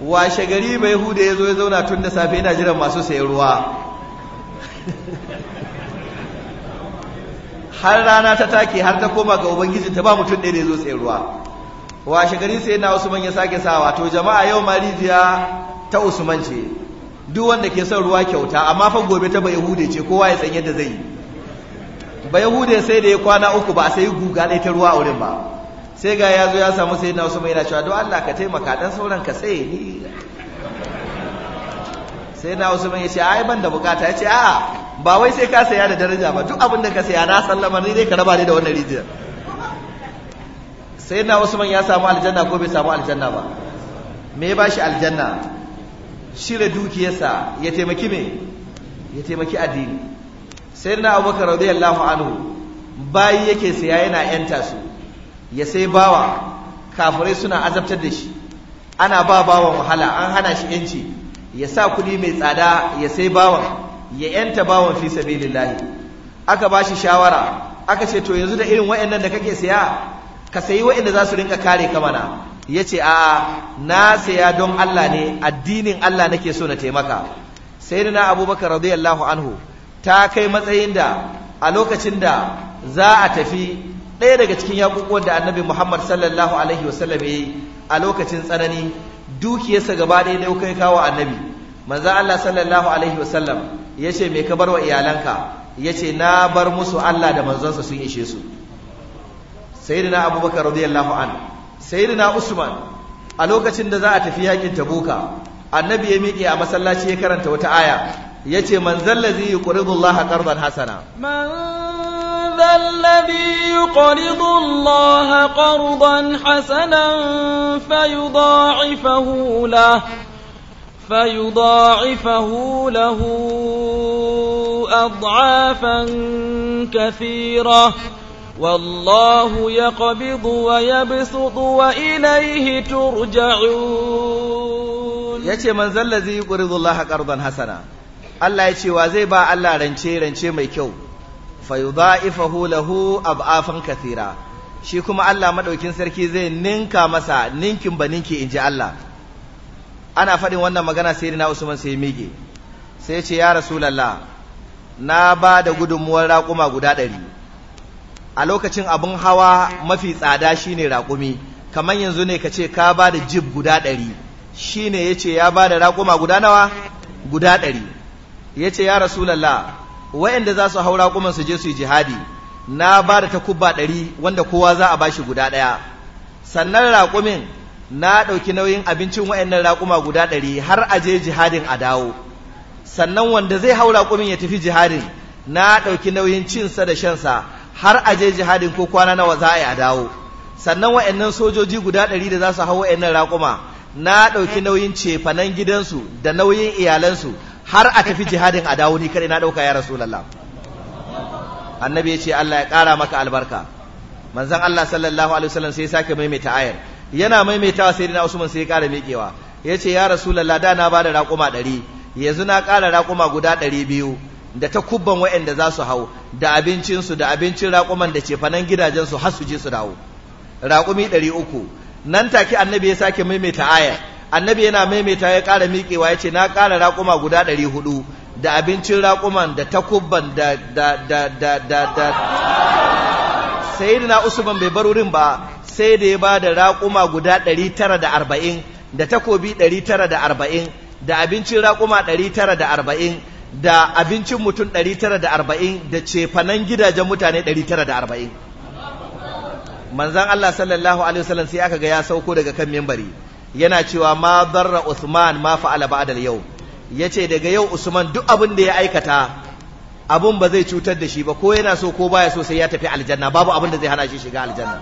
washe gari mai hude ya zo ya zauna tun da safe yana jiran masu sayan ruwa har rana ta take har ta koma ga ubangiji ta ba mutum ɗaya da ya zo sayan ruwa washe gari sai na usman ya sake sa to jama'a yau ma rijiya ta usman ce duk wanda ke son ruwa kyauta amma fa gobe ta bai hude ce kowa ya san yadda zai yi bai hude sai da ya kwana uku ba sai guga ɗaya ta ruwa a wurin ba sai ga ya zo ya samu sai na wasu yana cewa don Allah ka taimaka dan sauran ka sai ni sai na wasu ya ce ai ban da bukata ya ce a'a ba wai sai ka saya da daraja ba duk abin da ka saya na sallama ni dai ka raba ni da wannan rijiyar sai na Usman ya samu aljanna ko bai samu aljanna ba me ya bashi aljanna shirya dukiyarsa ya taimaki me ya taimaki addini sai na Abubakar radiyallahu anhu bayi yake saya yana yanta su ya sai bawa kafirai suna azabtar da shi ana ba bawan wahala an hana shi yanci ya sa kuɗi mai tsada ya sai bawan ya yanta bawan fi sabilillahi aka ba shi shawara aka ce to yanzu da irin waɗannan da kake saya ka sayi waɗanda za su rinka kare ka mana ya ce a na saya don Allah ne addinin Allah nake so na taimaka sai na abubakar radiyallahu anhu ta kai matsayin da a lokacin da za a tafi ɗaya daga cikin yaƙuƙuwan da annabi muhammad sallallahu alaihi wasallam ya yi a lokacin tsanani dukiyarsa gaba ɗaya da kai kawo annabi manzo allah sallallahu alaihi wasallam ya ce me ka bar wa iyalanka ya ce na bar musu allah da manzonsa sun ishe su sayyidina abubakar radiyallahu an sayyidina usman a lokacin da za a tafi yakin tabuka annabi ya miƙe a masallaci ya karanta wata aya ya ce man zallazi yuqridullaha qardan hasana ذا الذي يقرض الله قرضا حسنا فيضاعفه له فيضاعفه له أضعافا كثيرة والله يقبض ويبسط وإليه ترجعون يا شيخ من ذا الذي يقرض الله قرضا حسنا الله يشي وزيبا الله رنشي رنشي Allah fayudha'ifahu lahu ab'afan kathira shi kuma Allah madaukin sarki zai ninka masa ninkin ba ninki inji Allah ana faɗin wannan magana sai na Usman sai mige sai ce ya rasulullah na ba da gudunmuwar raƙuma guda ɗari a lokacin abin hawa mafi tsada shine raƙumi kamar yanzu ne ka ce ka ba da jib guda ɗari shine yace ya ba da raƙuma guda nawa guda ɗari yace ya rasulullah wayanda za su haura kuma su je su yi jihadi na ba da takubba ɗari wanda kowa za a bashi guda ɗaya sannan raƙumin na ɗauki nauyin abincin wayannan raƙuma guda ɗari har a je jihadin a dawo sannan wanda zai haura raƙumin ya tafi jihadin na ɗauki nauyin cinsa da shansa har a je jihadin ko kwana nawa za a yi a dawo sannan wayannan sojoji guda ɗari da za su hau wayannan raƙuma na ɗauki nauyin cefanen gidansu da nauyin iyalansu har a tafi jihadin a dawo ni kare na dauka ya rasulullah annabi ya ce Allah ya kara maka albarka manzon Allah sallallahu alaihi wasallam sai ya sake maimaita ayar yana maimaitawa sai dina Usman sai ya kara miƙewa yace ya rasulullah da na bada raƙuma 100 yanzu na kara raƙuma guda 200 da ta kubban waɗanda za su hau da abincinsu da abincin raƙuman da cefanen gidajensu har su je su dawo raƙumi 300 nan take annabi ya sake maimaita ayar annabi yana maimaita ya ƙara miƙewa ya ce na ƙara raƙuma guda ɗari hudu da abincin raƙuman da takubban da da da da da da na usman bai bar wurin ba sai da ya ba da raƙuma guda ɗari tara da arba'in da takobi ɗari tara da arba'in da abincin raƙuma ɗari tara da arba'in da abincin mutum ɗari tara da arba'in da cefanen gidajen mutane ɗari tara da arba'in manzan Allah sallallahu alaihi wasallam sai aka ga ya sauko daga kan mimbari yana cewa ma darra Uthman ma fa'ala ba'da al-yau yace daga yau Usman duk abin da ya aikata abun ba zai cutar da shi ba ko yana so ko baya so sai ya tafi aljanna babu abin da zai hana shi shiga aljanna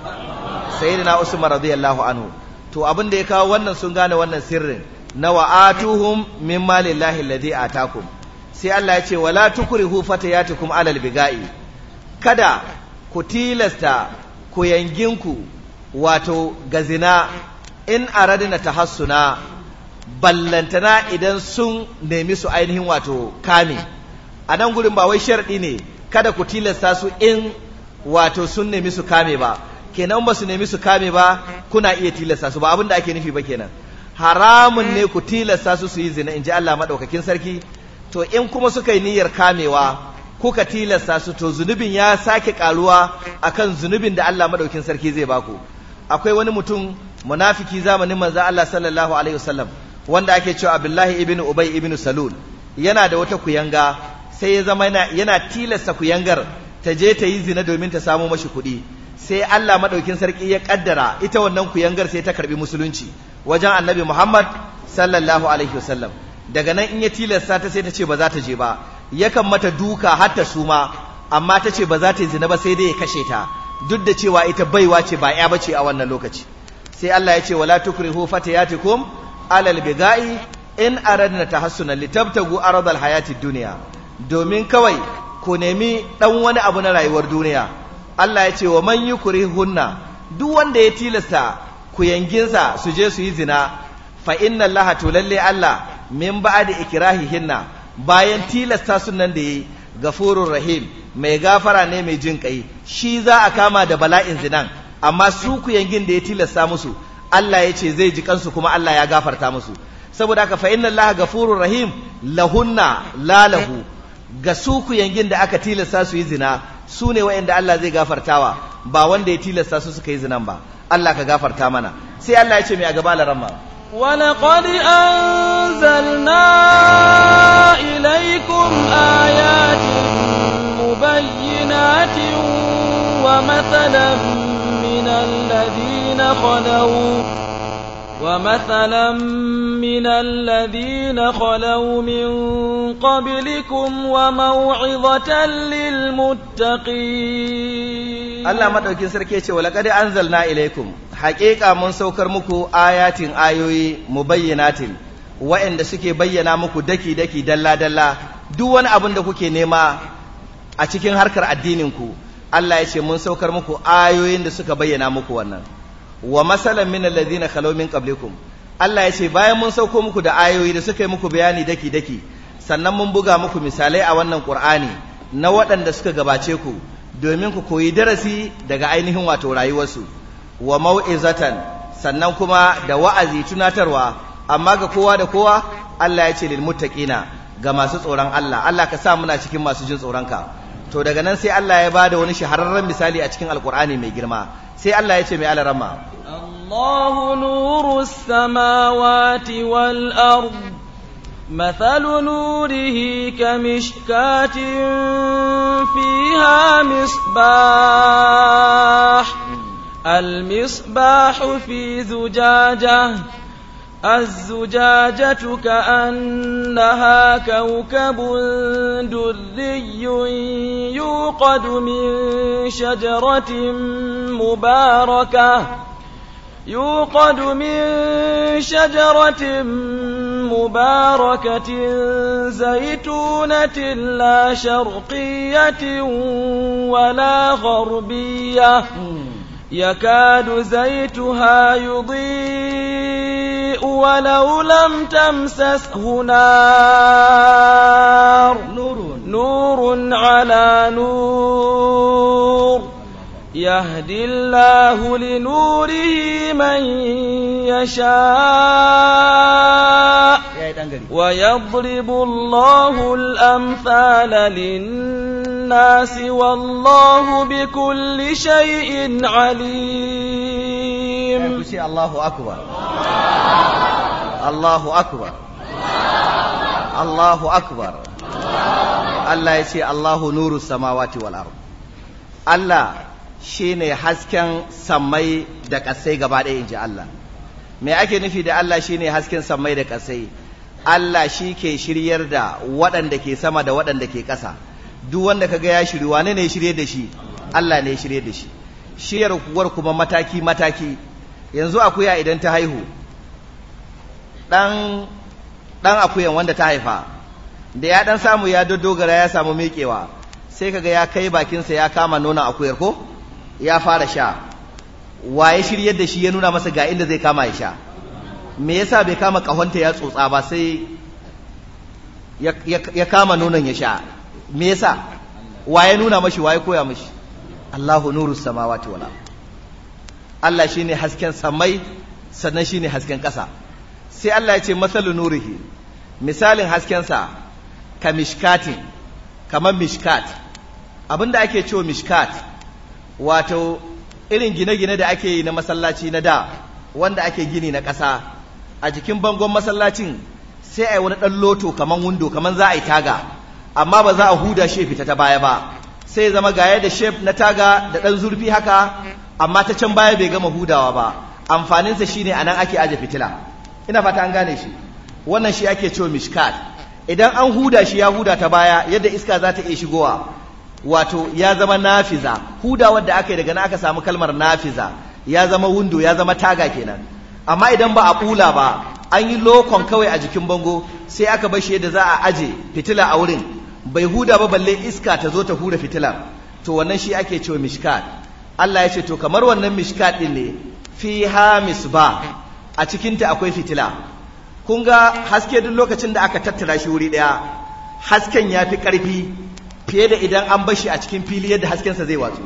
sayyidina Usman radiyallahu anhu to abin da ya kawo wannan sun gane wannan sirrin na wa'atuhum min malillahi alladhi atakum sai Allah ya ce wala tukrihu fatayatukum alal bigai kada ku tilasta ku yanginku wato gazina in a aradna tahassuna ballantana idan sun nemi su ainihin wato kame a nan gudun ba wai sharɗi ne kada ku tilasta su in wato sun nemi su kame ba kenan ba su nemi su kame ba kuna iya tilasta su ba abin da ake nufi ba kenan haramun ne ku tilasta su su yi zina in ji Allah maɗaukakin sarki to in kuma suka yi niyyar kamewa kuka tilasta su to zunubin ya sake karuwa akan zunubin da Allah maɗaukin sarki zai baku akwai wani mutum munafiki zamanin manzo Allah sallallahu alaihi wasallam wanda ake cewa Abdullahi ibn Ubay ibn Salul yana da wata kuyanga sai ya zama yana, yana tilasta kuyangar ta je ta yi zina domin ta samo mashi kuɗi sai Allah madaukin sarki ya kaddara ita wannan kuyangar sai ta karbi musulunci wajen Annabi Muhammad sallallahu alaihi wasallam daga nan in ya tilasta ta sai ta ce ba za ta je ba yakan mata duka har ta suma amma ta ce ba za ta yi zina ba sai dai ya kashe ta duk da cewa ita baiwa ce ba ya bace a wannan lokaci sai Allah ya ce wala tukrihu fatayatikum alal bigai in aradna tahassuna litabtagu aradal hayati dunya domin kawai ku nemi dan wani abu na rayuwar duniya Allah ya ce wa man yukrihunna duk wanda ya tilasta ku yanginsa su je su yi zina fa inna Allah to lalle Allah min ba'di ikrahihinna bayan tilasta sunan da yi gafurur rahim mai gafara ne mai jin kai shi za a kama da bala'in zinan amma su ku yangin da ya tilasta musu Allah ya ce zai ji kansu kuma Allah ya gafarta musu saboda haka fa inna Allah gafurur rahim lahunna lalahu ga su ku yangin da aka tilasta su yi zina su ne wa'anda Allah zai gafartawa ba wanda ya tilasta su suka yi zinan ba Allah ka gafarta mana sai Allah ya ce mai a gaba laramma ولقد أنزلنا إليكم آيات مبينات ومثلا الذين خلوا ومثلا من الذين خلوا من قبلكم وموعظة للمتقين الله ما دوكين سركي ce walaqad anzalna ilaykum haqiqa mun saukar muku ayatin ayoyi mubayyinatin wa'anda suke bayyana muku daki daki dalla dalla duk wani abun da kuke nema a cikin harkar addinin ku Allah ya ce mun saukar muku ayoyin da suka bayyana muku wannan wa masalan min alladhina khalaw min qablikum Allah ya ce bayan mun sauko muku da ayoyi da suka yi muku bayani daki daki sannan mun buga muku misalai a wannan Qur'ani na waɗanda suka gabace ku domin ku koyi darasi daga ainihin wato rayuwarsu wa mau'izatan sannan kuma da wa'azi tunatarwa amma ga kowa da kowa Allah ya ce lil muttaqina ga masu tsoron Allah Allah ka sa muna cikin masu jin tsoronka to daga nan sai Allah ya bada wani shahararren misali a cikin alkur'ani mai girma sai Allah ya ce mai alarama Allahu nuru samawati wal مثل نوره كمشكاة فيها مصباح المصباح في زجاجه الزجاجة كأنها كوكب دري يوقد من شجرة مباركة يوقد من شجرة مباركة زيتونة لا شرقية ولا غربية يكاد زيتها يضيء ولو لم تمسسه نار نور على نور يهدي الله لنوره من يشاء ويضرب الله الأمثال للناس والله بكل شيء عليم الله أكبر الله أكبر الله أكبر الله يسي الله نور السماوات والأرض الله Shi ne hasken samai da ƙasai gaba ɗaya in ji Allah me ake nufi da Allah shi ne hasken samai da ƙasai? Allah shi ke shiryar da waɗanda ke sama da waɗanda ke ƙasa duk wanda ga ya shiri wane ne shirye da shi Allah ne shirye da shi kuwar kuma mataki mataki yanzu akuya idan ta haihu ɗan akuyan wanda ta haifa da ya ɗan samu ya dogara ya samu miƙewa sai kaga ya kai bakinsa ya kama nonon akuyar ko ya fara sha waye shiryar da shi ya nuna masa ga inda zai kama ya sha me yasa bai kama kahonta ya tsotsa ba sai ya kama nonon ya sha me yasa waye nuna mashi waye koya mashi Allahu nuru samawati wala Allah shine hasken samai sannan shine hasken ƙasa sai Allah ya ce masalu nurihi misalin haskensa ka mishkatin kamar mishkat abinda ake cewa mishkat wato irin gine-gine da ake yi na masallaci na da wanda ake gini na ƙasa a jikin bangon masallacin sai a yi wani ɗan loto kamar windo kamar za a yi taga amma ba za a huda shi fita ta baya ba sai zama gaya da shef na taga da ɗan zurfi haka amma ta can baya bai gama hudawa ba amfaninsa shine a nan ake aje fitila ina fata an gane shi wannan shi ake cewa mishkat idan an huda shi ya huda ta baya yadda iska za ta iya shigowa wato ya zama nafiza huda wadda aka yi daga na aka samu kalmar nafiza ya zama wundo ya zama taga kenan amma idan ba a bula ba an yi lokon kawai a jikin bango sai aka bar shi yadda za a aje fitila a wurin bai huda ba balle iska ta zo ta hura fitila to wannan shi ake cewa mishkat Allah ya ce to kamar wannan mishkat din ne fi hamis ba a cikin ta akwai fitila kun ga haske duk lokacin da aka tattara shi wuri daya hasken ya fi ƙarfi fiye da idan an bashi a cikin fili yadda haskensa zai watsu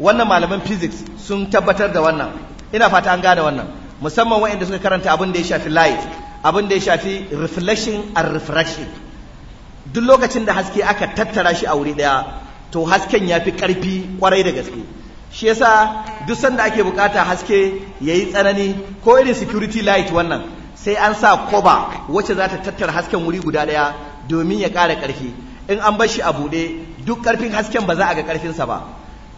wannan malaman physics sun tabbatar da wannan ina fata an gane wannan musamman waɗanda suka karanta abin da ya shafi light abin da ya shafi reflection and refraction duk lokacin da haske aka tattara shi a wuri ɗaya to hasken ya fi ƙarfi kwarai da gaske shi yasa duk sanda ake bukata haske ya yi tsanani ko irin security light wannan sai an sa koba wacce za ta tattara hasken wuri guda ɗaya domin ya ƙara ƙarfi in an bar shi a buɗe duk ƙarfin hasken ba za a ga ƙarfinsa ba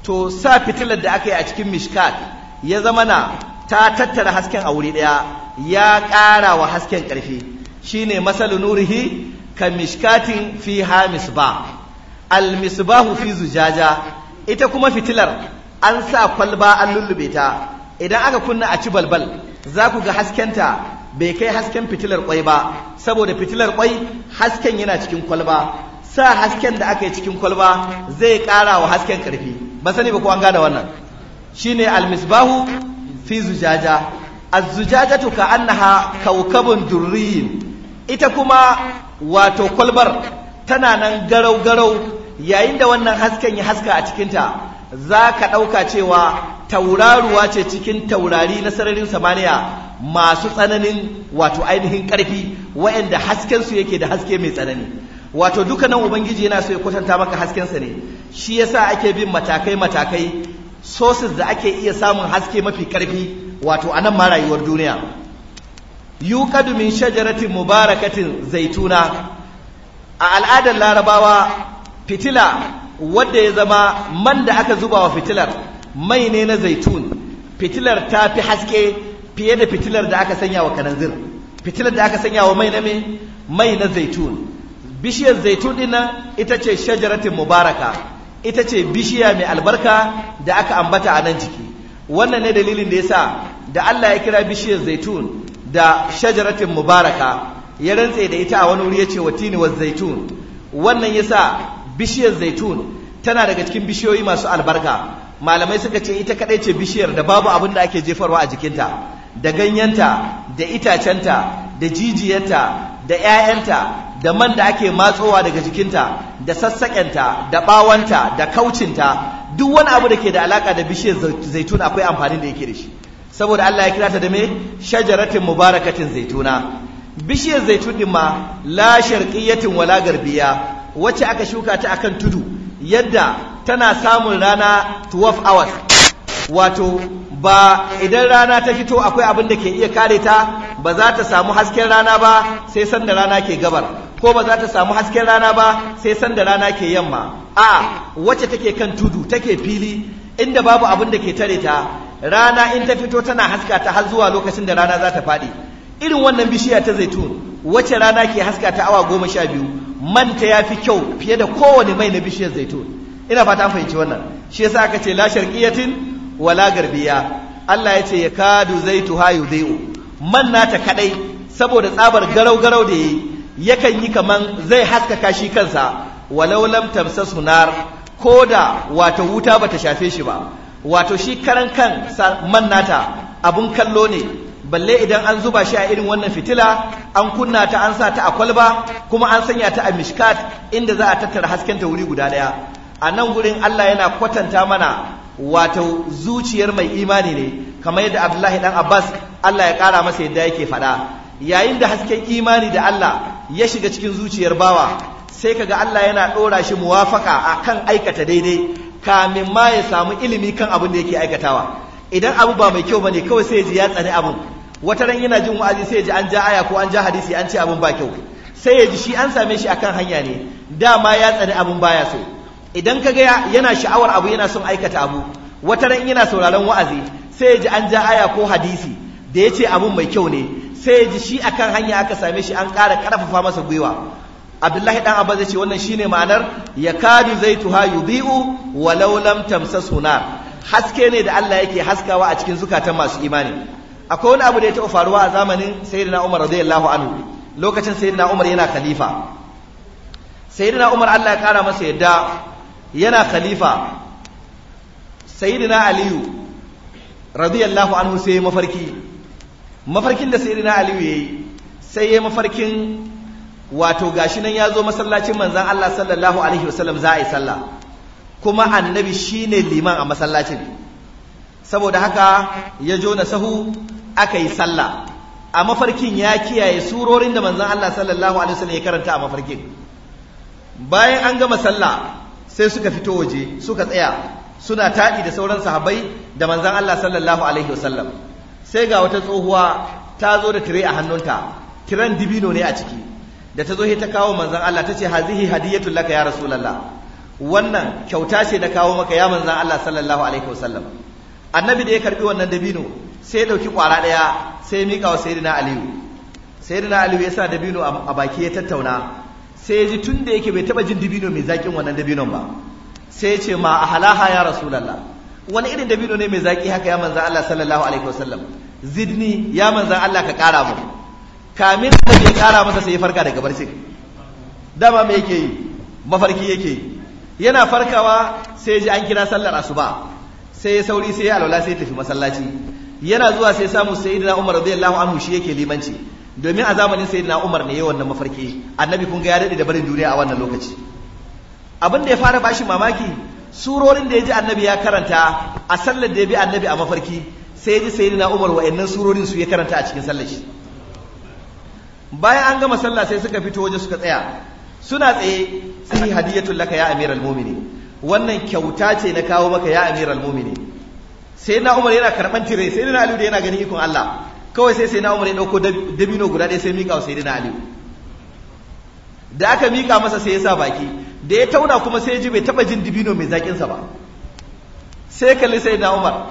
to sa fitilar da aka yi a cikin mishkat ya zama na ta tattara hasken a wuri ɗaya ya ƙara wa hasken ƙarfi shine masalu nurihi ka mishkatin fi ha misbah al misbahu fi zujaja ita kuma fitilar an sa kwalba an lullube ta idan aka kunna a ci balbal za ku ga haskenta bai kai hasken fitilar kwai ba saboda fitilar kwai hasken yana cikin kwalba sa hasken da aka yi cikin kwalba zai ƙara wa hasken ƙarfi ba sani ba ko an gane wannan shine almisbahu fi zujaja az-zujajatu annaha kaukabun durriyin ita kuma wato kwalbar tana nan garau garau yayin da wannan hasken ya haska a cikinta za ka ɗauka cewa tauraruwa ce cikin taurari na sararin samaniya masu tsananin wato ainihin ƙarfi waɗanda haskensu yake da haske mai tsanani wato dukkanin ubangiji yana so ya kwatanta maka haskensa ne shi yasa ake bin matakai matakai sources da ake iya samun haske mafi karfi wato a nan ma rayuwar duniya yuqadu min shajaratin mubarakatin zaituna a al'adar larabawa fitila wadda ya zama man da aka zuba wa fitilar mai ne na zaitun fitilar ta fi haske fiye da fitilar da aka sanya wa kananzir fitilar da aka sanya wa mai na mai na zaitun bishiyar zaitun din ita ce shajaratin mubaraka ita ce bishiya mai albarka da aka ambata a nan jiki. wannan ne dalilin da yasa da Allah ya kira bishiyar zaitun da shajaratin mubaraka ya rantse da ita a wani wuri yace watini wa zaitun wannan yasa bishiyar zaitun tana daga cikin bishiyoyi masu albarka malamai suka ce ita kadai ce bishiyar da babu abin da ake jefarwa a jikinta da ganyenta da itacenta da jijiyarta da 'ya'yanta da man da ake matsowa daga jikinta da sassaƙenta da ɓawanta da kaucinta duk wani abu da ke da alaƙa da bishiyar zaitun akwai amfani da yake da shi saboda Allah ya kira ta da me shajaratin mubarakatin zaituna bishiyar zaitun ɗin ma la sharqiyatin wala garbiya wacce aka shuka ta akan tudu yadda tana samun rana 12 hours wato ba idan rana ta fito akwai abin da ke iya kare ta ba za ta samu hasken rana ba sai san da rana ke gabar ko ba za ta samu hasken rana ba sai san da rana ke yamma a wacce take kan tudu take fili inda babu abin da ke tare ta rana in ta fito tana haska ta har zuwa lokacin da rana za ta faɗi irin wannan bishiya ta zaitun wacce rana ke haska ta awa goma sha biyu manta ya fi kyau fiye da kowane mai na bishiyar zaitun ina fata an fahimci wannan shi yasa aka ce la sharqiyatin wala garbiya Allah ya ce ya kadu zai ha yudai'u man nata kadai saboda tsabar garau garau da yi yakan yi kaman zai haskaka shi kansa walau lam tamsa sunar koda wato wuta bata shafe shi ba wato shi karan kan man nata abun kallo ne balle idan an zuba shi a irin wannan fitila an kunna ta an sa ta a kwalba kuma an sanya ta a mishkat inda za a tattara haskenta wuri guda daya a nan gurin Allah yana kwatanta mana wato zuciyar mai imani ne kamar yadda abdullahi dan abbas allah ya kara masa yadda yake faɗa yayin da hasken imani da allah ya shiga cikin zuciyar bawa sai kaga allah yana ɗora shi muwafaka a kan aikata daidai kamin ma ya samu ilimi kan abin da yake aikatawa idan abu ba mai kyau bane kawai sai ya ji ya tsani abin wata ran yana jin wa'azi sai ya ji an ja aya ko an ja hadisi an ce abin ba kyau sai ya ji shi an same shi akan hanya ne dama ya tsani abin baya so idan ka ga yana sha'awar abu yana son aikata abu wata ran yana sauraron wa'azi sai ya ji an ja aya ko hadisi da ya ce abun mai kyau ne sai ya ji shi akan hanya aka same shi an ƙara ƙarfafa masa gwiwa abdullahi dan abba zai ce wannan shi shine ma'anar ya kadu zaituha yudhi'u walau lam tamsasu nar haske ne da Allah yake haskawa a cikin zukatan masu imani akwai wani abu da ya taɓa faruwa a zamanin sayyidina Umar radiyallahu anhu lokacin sayyidina Umar yana khalifa sayyidina Umar Allah ya kara masa yadda yana khalifa sayyidina aliyu radiyallahu anhu sai mafarki mafarkin da sayyidina aliyu yayi sai yayi mafarkin wato gashi nan yazo masallacin manzon Allah sallallahu alaihi wasallam za a yi sallah kuma annabi shine liman a masallacin saboda haka ya jona sahu aka yi sallah a mafarkin ya kiyaye surorin da manzon Allah sallallahu alaihi wasallam ya karanta a mafarkin bayan an gama sallah sai suka fito waje suka tsaya suna taɗi da sauran sahabbai da manzan Allah sallallahu alaihi wasallam sai ga wata tsohuwa ta zo da tire a hannunta tiren dibino ne a ciki da ta zo sai ta kawo manzan Allah ta ce hazihi hadiyatul laka ya rasulullah wannan kyauta ce da kawo maka ya manzan Allah sallallahu alaihi wasallam annabi da ya karbi wannan dabino sai ya dauki kwara daya sai ya mika wa sayyidina aliyu sayyidina aliyu ya sa dabino a baki ya tattauna sai ji tun da yake bai taba jin dabino mai zaƙin wannan dabinon ba sai ya ce ma ahalaha ya rasulallah wani irin dabino ne mai zaƙi haka ya manzan Allah sallallahu alaihi wasallam zidni ya manzan Allah ka ƙara mu kamin da ya ƙara masa sai ya farka daga barci dama me yake yi mafarki yake yi yana farkawa sai ji an kira sallar asuba sai ya sauri sai ya alwala sai ya tafi masallaci yana zuwa sai samu sayyidina Umar radiyallahu anhu shi yake limanci domin a zamanin na Umar ne yi wannan mafarki annabi kun ga ya daɗe da barin duniya a wannan lokaci abin da ya fara bashi mamaki surorin da ya ji annabi ya karanta a sallar da ya bi annabi a mafarki sai ya ji na Umar wa'annan surorin su ya karanta a cikin sallar shi bayan an gama sallah sai suka fito waje suka tsaya suna tsaye sai hadiyatul laka ya amiral mu'mini wannan kyauta ce na kawo maka ya amiral mu'mini sai na Umar yana karban tire sai na da yana ganin ikon Allah kawai sai sai na umar ya ɗauko dabino guda ɗaya sai mika wa sayyidina ali da aka mika masa sai ya sa baki da ya tauna kuma sai ji bai taba jin dabino mai zaƙinsa sa ba sai kalli sai na umar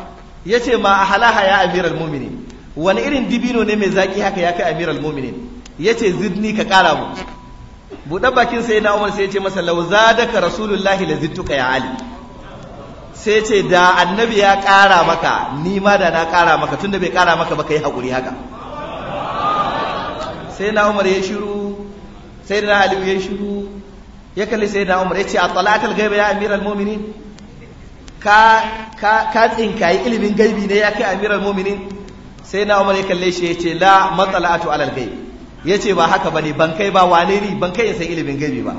ya ce ma halaha ya al mu'minin wani irin dibino ne mai zaƙi haka ya kai al-mumini mu'minin ce zidni ka kara mu buɗe bakin sai na umar sai ya ce masa lau zadaka rasulullahi la zidtuka ya ali sai ce da annabi ya ƙara maka ni ma da na ƙara maka tunda bai ƙara maka ba ka yi haka sai na umar ya shiru sai na aliyu ya shiru ya kalli sai na umar ya ce a talatal gaiba ya amiral mominin ka ka ka tsinkayi ilimin gaibi ne ya kai amiral mominin sai na umar ya kalle shi ya ce la matsala'atu alal gaib ya ce ba haka ba ne ban kai ba wane ne ban kai ya san ilimin gaibi ba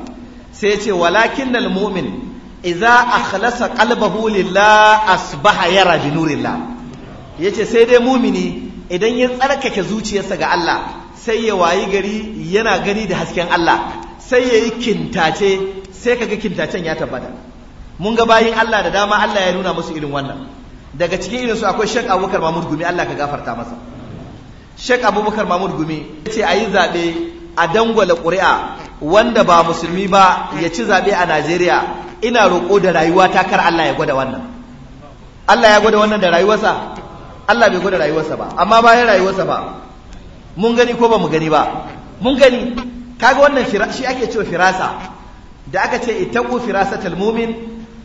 sai ya ce walakin nal mu'min Iza akhlasa qalbahu lillah asbaha yara bi nurillah yace sai dai mumini idan ya tsarkake zuciyarsa ga Allah sai ya wayi gari yana gani da hasken Allah sai ya yi kintace sai kaga kintacen ya tabbata mun ga bayin Allah da dama Allah ya nuna musu irin wannan daga cikin irinsu akwai Sheikh Abubakar Mahmud Gumi Allah ka gafarta masa Sheikh Abubakar Mahmud Gumi yace ayi zabe a dangwala ƙuri'a wanda ba musulmi ba ya ci zaɓe a Najeriya ina roƙo da rayuwa ta kar Allah ya gwada wannan Allah ya gwada wannan da rayuwarsa Allah bai gwada rayuwarsa ba amma bayan rayuwarsa ba mun gani ko ba mu gani ba mun gani kaga wannan shi ake cewa firasa da aka ce ittaqu firasatal mu'min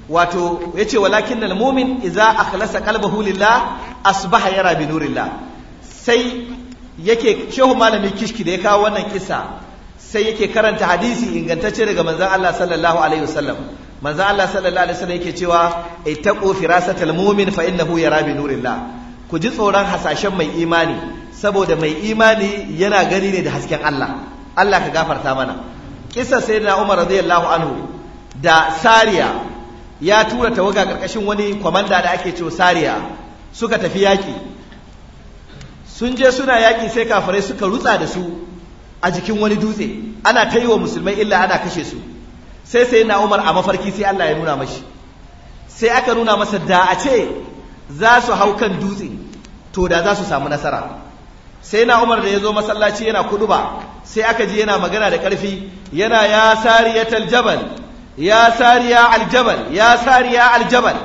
wato yace walakinnal mu'min idza akhlasa qalbahu lillah asbaha yara bi nurillah sai yake shehu malami kishki da ya kawo wannan kisa sai yake karanta hadisi ingantacce daga manzon Allah sallallahu alaihi wasallam manzon Allah sallallahu alaihi wasallam yake cewa ittaqu firasatal mu'min fa innahu yara bi nurillah ku ji tsoron hasashen mai imani saboda mai imani yana gani ne da hasken Allah Allah ka gafarta mana kisa sayyidina Umar radiyallahu anhu da Sariya ya tura tawaga karkashin wani komanda da ake cewa Sariya suka tafi yaki sun je suna yaki sai kafirai suka rutsa da su a jikin wani dutse ana ta yi wa musulmai illa ana kashe su sai sai na umar a mafarki sai Allah ya nuna mashi sai aka nuna masa da a ce za su hau kan dutse to da za su samu nasara sai na umar da ya zo masallaci yana kuduba sai aka ji yana magana da karfi yana ya sariyatal jabal ya sariya aljabal ya sariya aljabal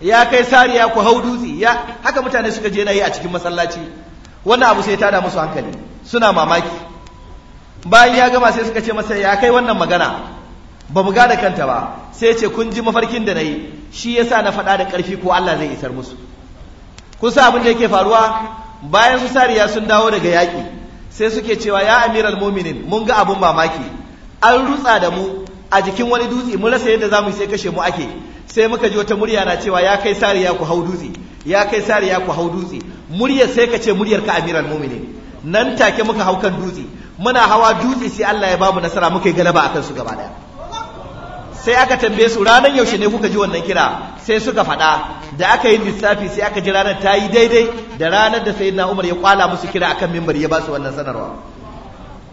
ya kai sariya ku hau dutse haka mutane suka je na yi a cikin masallaci wannan abu sai ta da musu hankali suna mamaki bayan ya gama sai suka ce masa ya kai wannan magana ba mu da kanta ba sai ce kun ji mafarkin da na yi shi ya sa na faɗa da ƙarfi ko Allah zai isar musu kusa abin da yake faruwa bayan su sariya sun dawo daga yaƙi sai suke cewa ya amiral muminin mun ga abin mamaki an rutsa da mu a jikin wani dutse mu rasa yadda zamu sai kashe mu ake sai muka ji wata murya na cewa ya kai sariya ku hau dutse ya kai sariya ku hau dutse muryar sai ka ce muryar ka amiral muminin nan take muka hau kan dutse muna hawa dutse sai Allah ya babu nasara muka yi galaba akan su gaba daya sai aka tambaye su ranar yaushe ne kuka ji wannan kira sai suka faɗa da aka yi lissafi sai aka ji ranar ta yi daidai da ranar da na Umar ya kwala musu kira akan mimbar ya ba su wannan sanarwa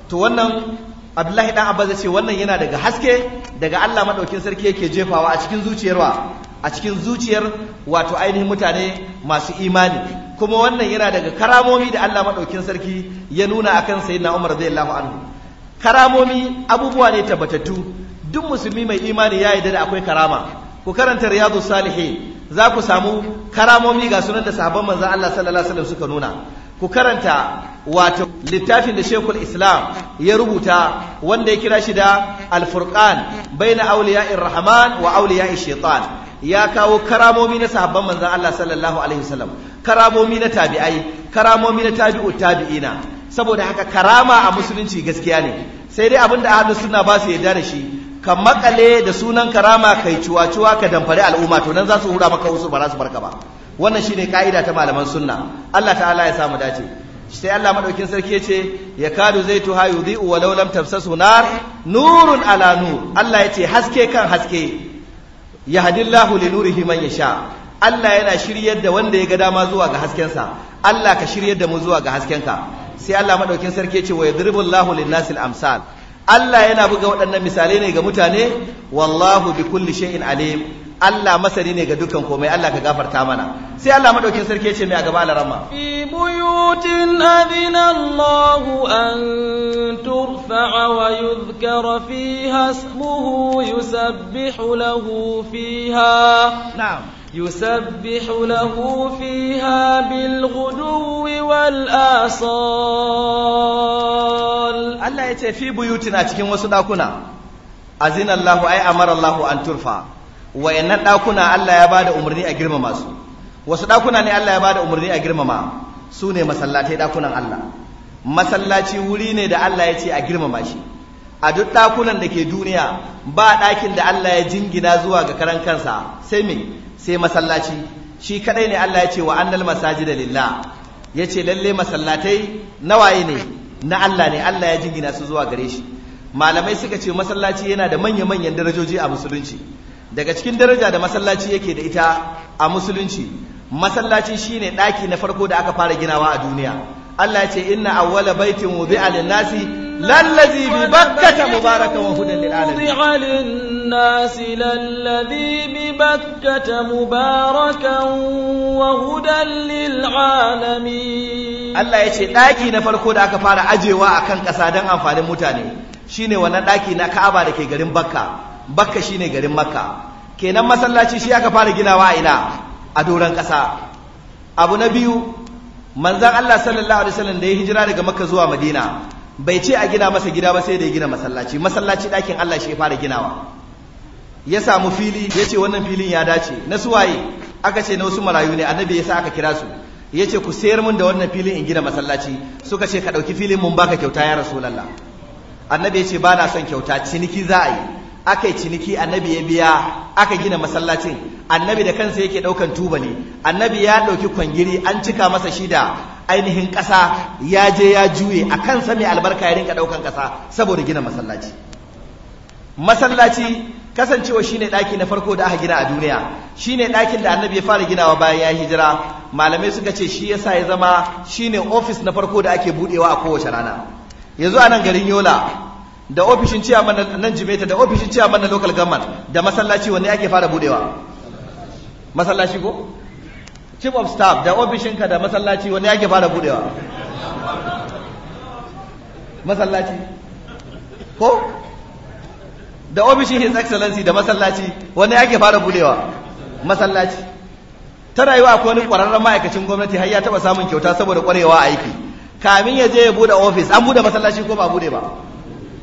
to wannan Abdullahi dan Abbas ya ce wannan yana daga haske daga Allah madaukin sarki yake jefawa a cikin zuciyarwa a cikin zuciyar wato ainihin mutane masu imani kuma wannan yana daga karamomi da Allah maɗaukin sarki ya nuna akan sayyidina Umar radiyallahu anhu karamomi abubuwa ne tabbatattu duk musulmi mai imani ya yarda da akwai karama ku karanta riyadu salihin za ku samu karamomi ga sunan da sahabban manzon Allah sallallahu alaihi wasallam suka nuna ku karanta wato littafin da shekul islam ya rubuta wanda ya kira shi da alfurqan baina in rahman wa auliya'in shaitan ya kawo karamomi na sahabban manzan Allah sallallahu alaihi wasallam karamomi na tabi'ai karamomi na tabi'u tabi'ina saboda haka karama a musulunci gaskiya ne sai dai abinda ahlus suna ba su yarda da shi ka makale da sunan karama kai cuwa-cuwa ka damfari al'umma to nan za su hura maka wasu ba za su barka ba wannan shine ka'ida ta malaman sunna Allah ta'ala ya samu dace sai Allah maɗaukin sarki ce, ya kadu zai ha yudhi'u wa law lam tamsasu nar nurun ala nur Allah yace haske kan haske yahdillahu li nurihi man sha. Allah yana shiryar da wanda ya ga dama zuwa ga haskensa Allah ka shiryar da mu zuwa ga haskenka sai Allah maɗaukin sarki ce, wa yadribullahu lin-nasil amsal Allah yana buga waɗannan misalai ne ga mutane wallahu bi kulli shay'in alim Allah masari ne ga dukkan komai Allah ka gafarta mana sai Allah madaukin sarki ya ce mai a gaba alarama fi buyutin adina Allah an turfa'a wa yuzkara fiha ismuhu yusabbihu lahu fiha na'am يسبح له فيها بالغدو والآصال الله يتفي بيوتنا تكين وصداكنا أزين الله أي أمر الله أن ترفع wayannan ɗakuna Allah ya bada umarni a girmama su wasu ɗakuna ne Allah ya bada umarni a girmama su ne masallatai ɗakunan Allah masallaci wuri ne da Allah ya ce a girmama shi a duk ɗakunan da ke duniya ba ɗakin da Allah ya jingina zuwa ga karan kansa sai me sai masallaci shi kadai ne Allah ya ce wa annal masajida lillah ya ce lalle masallatai nawaye ne na Allah ne Allah ya jingina su zuwa gare shi malamai suka ce masallaci yana da manya-manyan darajoji a musulunci daga cikin daraja da masallaci yake da ita a musulunci masallaci shine ɗaki na farko da aka fara ginawa a duniya Allah ya ce inna awwala baitin wudi'a lin-nasi lallazi bi bakkata mubarakan wa hudan lil alamin wudi'a lin-nasi lallazi bi bakkata mubarakan wa hudan lil alamin Allah ya ce ɗaki na farko da aka fara ajewa akan ƙasa don amfanin mutane shine wannan ɗaki na Ka'aba da ke garin Bakka bakka shine garin makka kenan masallaci shi aka fara ginawa a ina a doron ƙasa abu na biyu manzan Allah sallallahu alaihi wasallam da ya hijira daga makka zuwa madina bai ce a gina masa gida ba sai da ya gina masallaci masallaci ɗakin Allah shi ya fara ginawa ya samu fili ya ce wannan filin ya dace na suwaye aka ce na wasu marayu ne annabi ya sa aka kira su ya ce ku sayar mun da wannan filin in gina masallaci suka ce ka ɗauki filin mun baka kyauta ya rasulallah annabi ya ce ba na son kyauta ciniki za a yi aka yi ciniki annabi ya biya aka gina masallacin annabi da kansa yake ɗaukan tubali annabi ya ɗauki kwangiri an cika masa shida ainihin ƙasa ya je ya juye a kan mai albarka ya rinka ɗaukan ƙasa saboda gina masallaci masallaci kasancewa shine ɗaki na farko da aka gina a duniya shine ɗakin da annabi ya fara ginawa bayan ya hijira malamai suka ce shi yasa ya zama shine ofis na farko da ake buɗewa a kowace rana yanzu a nan garin yola da ofishin ciyaman nan jimeta da ofishin ciyaman na local government da masallaci wanne ake fara budewa masallaci ko chief of staff da ofishinka da masallaci wanne ake fara budewa masallaci ko da ofishin his excellency da masallaci wanne ake fara budewa masallaci ta rayuwa akwai wani ƙwararren ma'aikacin gwamnati har ya taɓa samun kyauta saboda ƙwarewa aiki kamin ya je ya buɗe ofis an buɗe masallaci ko ba buɗe ba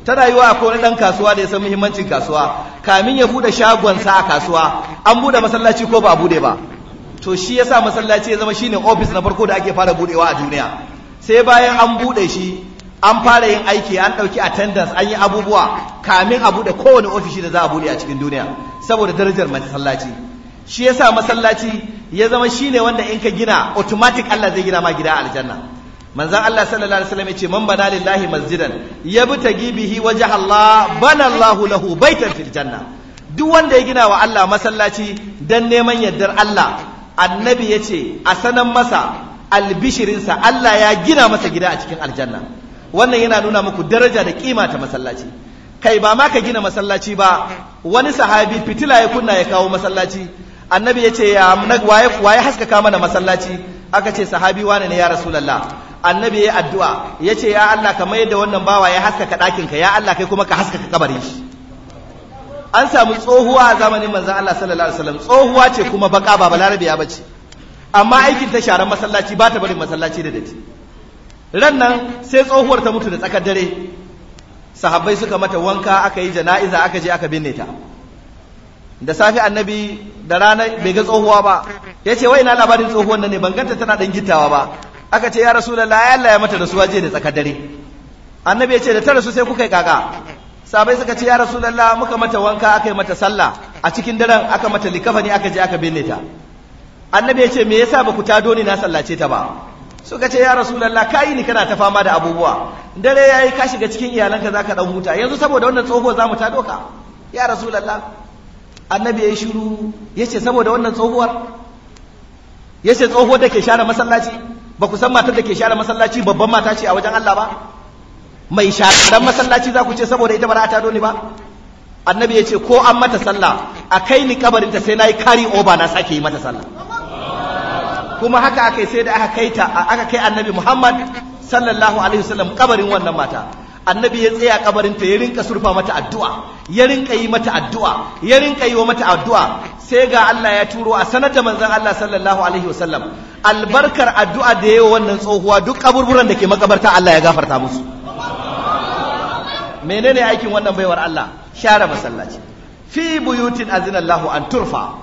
ta rayuwa akwai wani dan kasuwa da ya san muhimmancin kasuwa kamin ya bude shagonsa a kasuwa an bude masallaci ko ba bude ba to shi yasa masallaci ya zama shine ofis na farko da ake fara budewa a duniya sai bayan an bude shi an fara yin aiki an ɗauki attendance an yi abubuwa kamin a bude kowane ofishi da za a bude a cikin duniya saboda darajar masallaci shi yasa masallaci ya zama shi ne wanda in ka gina automatic Allah zai gina ma gida aljanna Manzan Allah sallallahu alaihi wasallam yace man bana lillahi masjidan ta gibihi wajha Allah bana Allahu lahu baitan fil janna duk wanda ya gina wa Allah masallaci dan neman yardar Allah annabi yace a sanan masa albishirinsa Allah ya gina masa gida a cikin aljanna wannan yana nuna muku daraja da kima ta masallaci kai ba ma ka gina masallaci ba wani sahabi fitila ya kunna ya kawo masallaci annabi yace ya waye haskaka mana masallaci aka ce sahabi wane ne ya rasulullah annabi yi addu'a yace ya Allah ka mai da wannan bawa ya haskaka ɗakinka, ka ya Allah kai kuma ka haskaka kabarin shi an samu tsohuwa a zamanin manzon Allah sallallahu alaihi wasallam tsohuwa ce kuma baka ba balarabe ya bace amma aikin ta sharan masallaci ba ta barin masallaci da datti ran nan sai tsohuwar ta mutu da tsakar dare sahabbai suka mata wanka aka yi jana'iza aka je aka binne ta da safi annabi da rana bai ga tsohuwa ba ya ce wai ina labarin tsohuwar nan ne ban ganta tana dan gittawa ba aka ce ya lalla ya Allah mata rasuwa je da tsakar dare annabi ya ce da ta rasu sai kuka yi kaka sabai suka ce ya rasu lalla muka mata wanka aka yi mata sallah a cikin daren aka mata likafani aka je aka binne ta annabi ya ce me yasa ba ku ta ni na sallace ta ba suka ce ya rasu ka yi ni kana ta fama da abubuwa dare ya yi ka shiga cikin iyalanka za ka ɗan huta yanzu saboda wannan tsoho mu ta doka. ya rasu lalla. annabi yayi shiru ce saboda wannan tsohuwar ce tsoho da ke share masallaci ba ku san matar da ke share masallaci babban mata ce a wajen Allah ba mai sharan masallaci za ku ce saboda ita ba za ta ni ba annabi ya ce ko an mata sallah a kai ni kabarinta sai na yi kari oba na sake yi mata sallah kuma haka aka sai da aka kai ta aka kai annabi muhammad sallallahu alaihi wasallam kabarin wannan mata annabi ya tsaya kabarinta ya rinka surfa mata addu'a ya rinka yi mata addu'a ya rinka yi wa mata addu'a sai ga Allah ya turo a sanata manzon Allah sallallahu alaihi wasallam albarkar addu'a da yawa wannan tsohuwa duk kaburburan da ke makabarta Allah ya gafarta musu menene aikin wannan baiwar Allah share masallaci fi buyutin azinallahu an turfa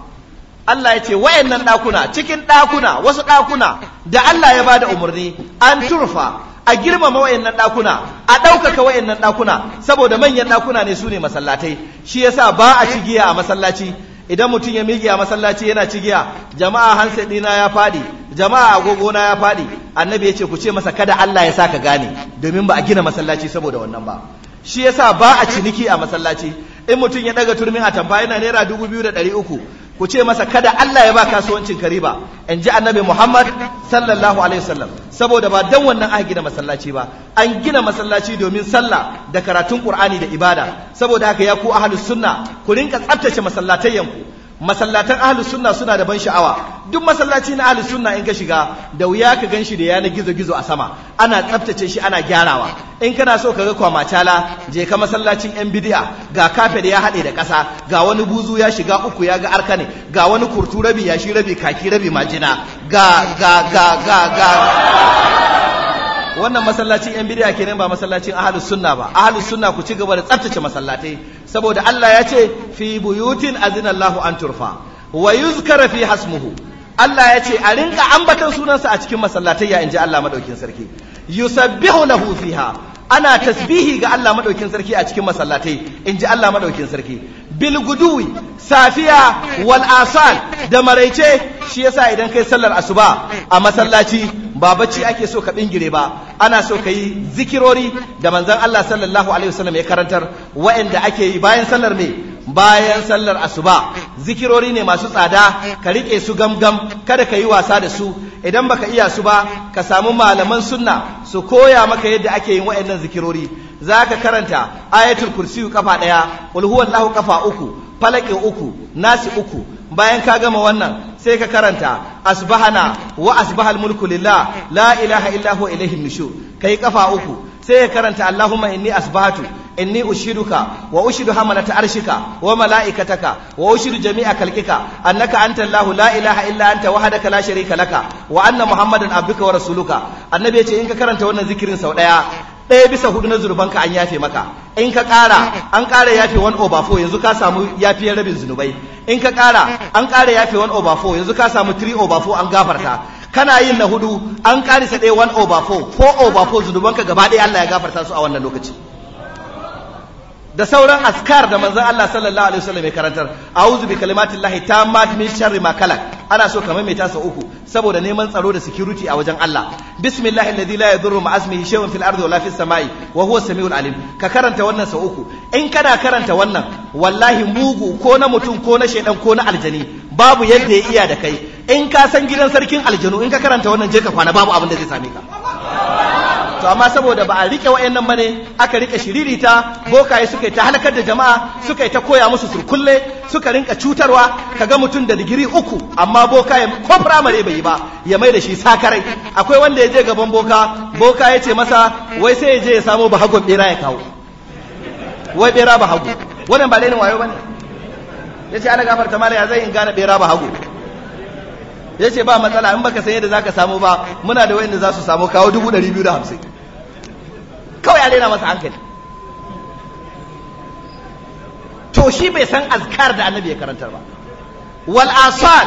Allah ya ce wayannan ɗakuna cikin ɗakuna wasu ɗakuna da Allah ya bada umarni an turfa a girmama wayannan ɗakuna a ɗaukaka wayannan ɗakuna saboda manyan ɗakuna ne su ne masallatai shi yasa ba a cigiya a masallaci idan mutum ya miƙe a masallaci yana cigiya jama'a hansa ɗina ya faɗi jama'a agogo na ya faɗi annabi ya ce ku ce masa kada Allah ya sa ka gane domin ba a gina masallaci saboda wannan ba shi yasa ba a ciniki a masallaci in mutum ya ɗaga turmin a tamfa yana naira dubu biyu da ɗari uku ku ce masa kada Allah ya ba kasuwancin Kariba ba in ji annabi Muhammad sallallahu alaihi wasallam saboda ba dan wannan aka gina masallaci ba an gina masallaci domin sallah da karatun Qur'ani da ibada saboda haka ya ku ahlus sunna ku rinka tsaftace masallatayyanku masallatan ahli sunna suna da ban sha'awa duk masallaci na ahli sunna in ka shiga da wuya ka ganshi da yana gizo gizo a sama ana tsaftace shi ana gyarawa in kana so ka ga tala je ka masallacin yan bid'a ga kafe da ya haɗe da ƙasa ga wani buzu ya shiga uku ya ga arkane ga wani kurtu rabi ya shi rabi kaki rabi majina ga ga ga ga ga wannan masallacin yan bid'a kenan ba masallacin ahlus sunna ba ahlus sunna ku ci gaba da tsaftace masallatai saboda Allah ya ce fi buyutin azina Allah an turfa wa yuzkara fi hasmuhu Allah ya ce a rinka ambatan sunansa a cikin masallatai ya inji Allah madaukin sarki yusabbihu lahu fiha ana tasbihi ga Allah madaukin sarki a cikin masallatai inji Allah madaukin sarki bil safiya wal asal da maraice shi yasa idan kai sallar asuba a masallaci ba bacci ake so ka bingire ba ana so ka yi zikirori da manzon Allah sallallahu alaihi wasallam ya karantar waɗanda ake yi bayan sallar ne bayan sallar asuba zikirori ne masu tsada ka rike su gamgam kada ka yi wasa da su idan baka iya su ba ka samu malaman sunna su koya maka yadda ake yin waɗannan zikirori zaka karanta ayatul kursi kafa ɗaya qul huwallahu kafa uku falaki uku nasi uku bayan ka gama wannan sai ka karanta asbahana wa asbahal mulku lillah la ilaha illa huwa ilaihi nushur kai kafa uku sai ya karanta allahumma inni asbahatu inni ushiduka wa ushidu hamalata arshika wa malaikataka wa ushidu jami'a kalkika annaka anta allah la ilaha illa anta wahdaka la sharika laka wa anna muhammadan abduka wa rasuluka annabi yace in ka karanta wannan zikirin sau daya ɗaya bisa hudu na zunubanka an yafe maka in ka ƙara an ƙara yafe 1 over 4 yanzu ka samu yafiyar rabin zunubai in ka ƙara an ƙara yafe 1 over 4 yanzu ka samu 3 over 4 an gafarta kana yin na hudu an ƙarisa ɗaya 1 over 4 4 over 4 zunubanka gaba ɗaya Allah ya gafarta su a wannan lokaci da sauran askar da manzon Allah sallallahu alaihi wasallam ya karantar a'udhu bi kalimatillahi tammat min sharri ma kalak ana so kamar mai tasa uku saboda neman tsaro da security a wajen Allah bismillahi alladhi la yadurru ma ismihi shay'un fil ardi wala fis samai wa huwa samiul alim ka karanta wannan sa uku in kana karanta wannan wallahi mugu ko na mutum ko na shaydan ko na aljani babu yadda ya iya da kai in ka san gidan sarkin aljanu in ka karanta wannan je ka kwana babu abin da zai same ka to amma saboda ba a rike wayannan bane aka rike shiririta bokaye suka yi ta halakar da jama'a suka yi ta koya musu surkulle suka rinka cutarwa kaga mutum da digiri uku amma bokaye ko firamare bai yi ba ya mai da shi sakarai akwai wanda ya je gaban boka boka ya ce masa wai sai ya je ya samo bahagon bera ya kawo wai bera bahago wannan ba lainin wayo ana gafarta mala ya zai in gane bera bahago ya ce ba matsala in baka san yadda za ka samu ba muna da wayanda za su samu kawo dubu ɗari biyu da hamsin kawai a daina masa hankali to shi bai san azkar da annabi ya karantar ba wal asar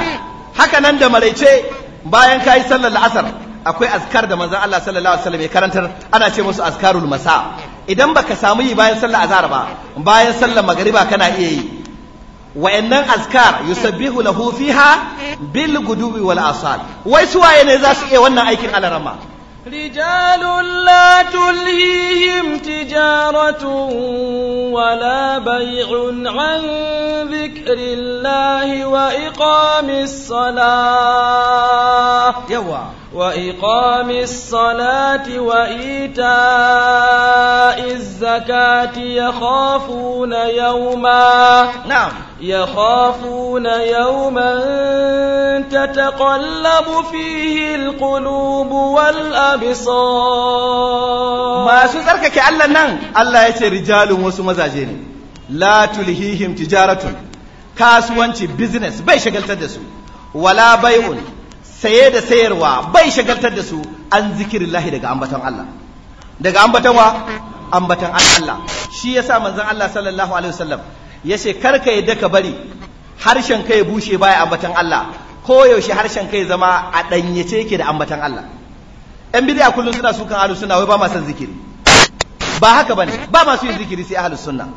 haka nan da maraice bayan kayi sallar la'asar akwai azkar da manzon Allah sallallahu alaihi wasallam ya karantar ana ce musu azkarul masa idan baka samu yi bayan sallar azhar ba bayan sallar magariba kana iya yi wa'annan azkar yusabbihu lahu fiha bil gudubi wal asal wai su waye ne za su iya wannan aikin alarama رجال لا تلهيهم تجارة ولا بيع عن ذكر الله وإقام الصلاة يوا وإقام الصلاة وإيتاء zakati yakhafuna yawma na'am yakhafuna yawman tataqallabu fihi alqulubu wal absar masu tsarkake Allah nan Allah ya ce rijalun wasu mazaje ne la tulhihim tijaratun kasuwanci business bai shagaltar da su wala bai'un saye da sayarwa bai shagaltar da su an zikirillahi daga ambaton Allah daga ambaton wa ambatan Allah shi yasa manzon Allah sallallahu alaihi wasallam yace karka yadda ka bari harshen kai ya bushe baya ambatan Allah ko yaushe harshen kai zama a danyace yake da ambatan Allah yan bid'a kullun suna sukan ahlus sunna wai ba ma san zikiri ba haka bane ba ma su yin zikiri sai ahlus sunna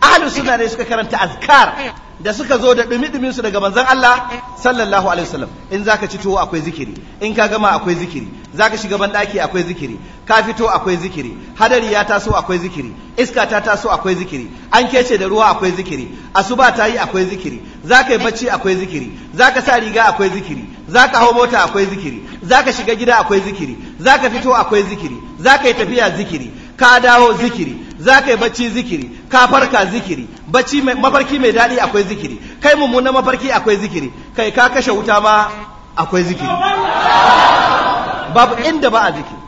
ahlus sunna ne suka karanta azkar da suka zo da dumi-dumin su daga manzon Allah sallallahu alaihi wasallam in zaka ci tuwo akwai zikiri in ka gama akwai zikiri zaka shiga ban akwai zikiri ka fito akwai zikiri hadari ya taso akwai zikiri iska ta taso akwai zikiri an kece da ruwa akwai zikiri asuba ta yi akwai zikiri zaka yi bacci akwai zikiri zaka sa riga akwai zikiri zaka hau mota akwai zikiri Za ka shiga gida akwai zikiri Za ka fito akwai zikiri zaka yi tafiya zikiri ka dawo zikiri za ka yi bacci zikiri ka farka zikiri bacci mafarki mai daɗi akwai zikiri kai mummunan mafarki akwai zikiri kai ka kashe wuta ma akwai zikiri babu inda ba a zikiri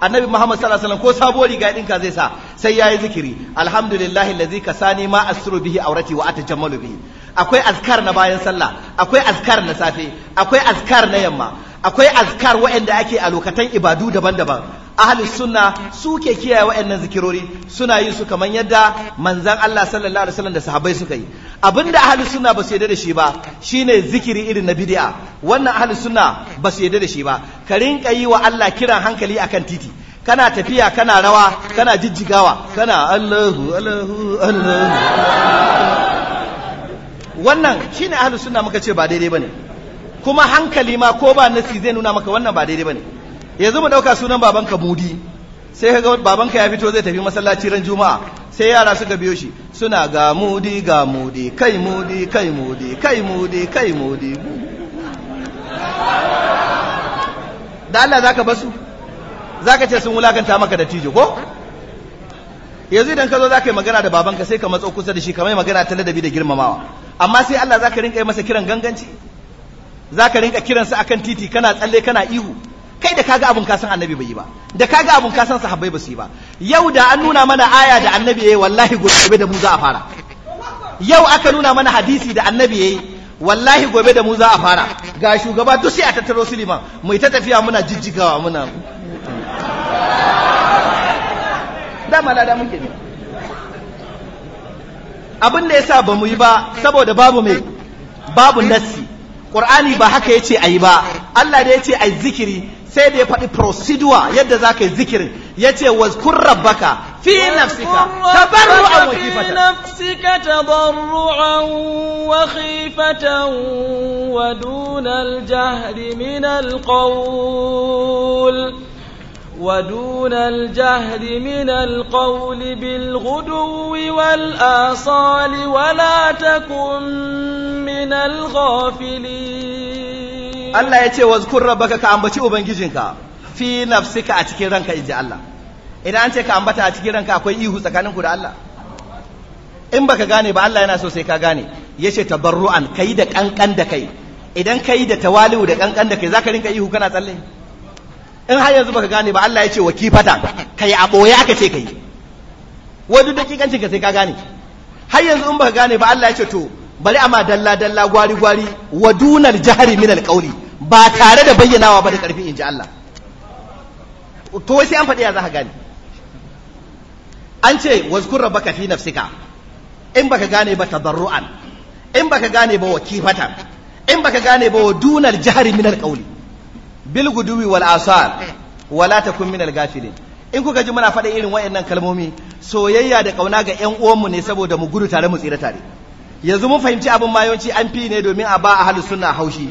annabi muhammad sallallahu alaihi wasallam ko sabuwar riga ɗinka zai sa sai yayi zikiri alhamdulillahi allazi kasani ma asru bihi aurati wa atajammalu bihi akwai azkar na bayan sallah akwai azkar na safe akwai azkar na yamma akwai azkar waɗanda ake a lokatan ibadu daban-daban ahlus sunna suke kiyaye waɗannan zikirori suna yin su kamar yadda manzan Allah sallallahu alaihi wasallam da sahabbai suka yi abinda ahli sunna ba su yarda da shi ba shine zikiri irin na bid'a wannan ahli sunna ba su yarda da shi ba ka rinka yi wa Allah kiran hankali akan titi kana tafiya kana rawa kana jijjigawa kana Allahu Allahu Allahu wannan shine ahli sunna muka ce ba daidai bane kuma hankali ma ko ba nasi zai nuna maka wannan ba daidai bane yanzu mu ɗauka sunan babanka mudi sai ga babanka ya fito zai tafi masallaci ran juma'a sai yara suka biyo shi suna ga mudi ga mudi kai mudi kai mudi kai mudi kai mudi da Allah zaka basu zaka ce sun wulakanta maka da tijo ko yanzu idan ka zo zaka yi magana da babanka sai ka matso kusa da shi kamar magana ta ladabi da girmamawa amma sai Allah zaka rinka yi masa kiran ganganci zaka rinka kiransa akan titi kana tsalle kana ihu kai da kaga abun kasan annabi bai yi ba da kaga abun kasan sahabbai ba su yi ba yau da an nuna mana aya da annabi yayi wallahi gobe da mu za a fara yau aka nuna mana hadisi da annabi yayi wallahi gobe da mu za a fara ga shugaba duk sai a tattaro suliman mu ta tafiya muna jijjigawa muna Da mala da muke ne abin da yasa ba mu yi ba saboda babu mai babu nassi qur'ani ba haka yace ayi ba Allah da yace ayi zikiri sai da ya faɗi procedure yadda za ka yi zikirin ya ce wazkur rabbaka fi nafsika tabarru'an wa khifatan nafsika tabarru'an wa khifatan wa dunal jahri min ودون الجهر من القول بالغدو والآصال ولا تكن من الغافلين Allah ya ce wazkur rabbaka ka ambaci ubangijinka fi nafsika a cikin ranka inji Allah idan an ce ka ambata a cikin ranka akwai ihu tsakaninku da Allah in baka gane ba Allah yana so sai ka gane ya yace tabarru'an kai da kankan da kai idan kai da tawali'u da kankan da kai zaka rinka ihu kana tsalle in har yanzu baka gane ba Allah ya ce wa kifata kai a boye aka ce kai wani duk dakikancin ka sai ka gane har yanzu in baka gane ba Allah ya ce to bari amma dalla dalla gwari gwari wa dunar jihar min alqawli ba tare da bayyanawa ba da karfin inji Allah to sai an faɗi ya ka gane an ce wazkur rabbaka fi nafsika in baka gane ba tadarruan in baka gane ba wa kifatan in baka gane ba wa dunar jihar min alqawli bil guduwi wal asar wala takun min al gafilin in kuka ji muna faɗa irin waɗannan kalmomi soyayya da ƙauna ga 'yan uwanmu ne saboda mu gudu tare mu tsira tare yanzu mun fahimci abin mayonci an fi ne domin a ba a halin suna haushi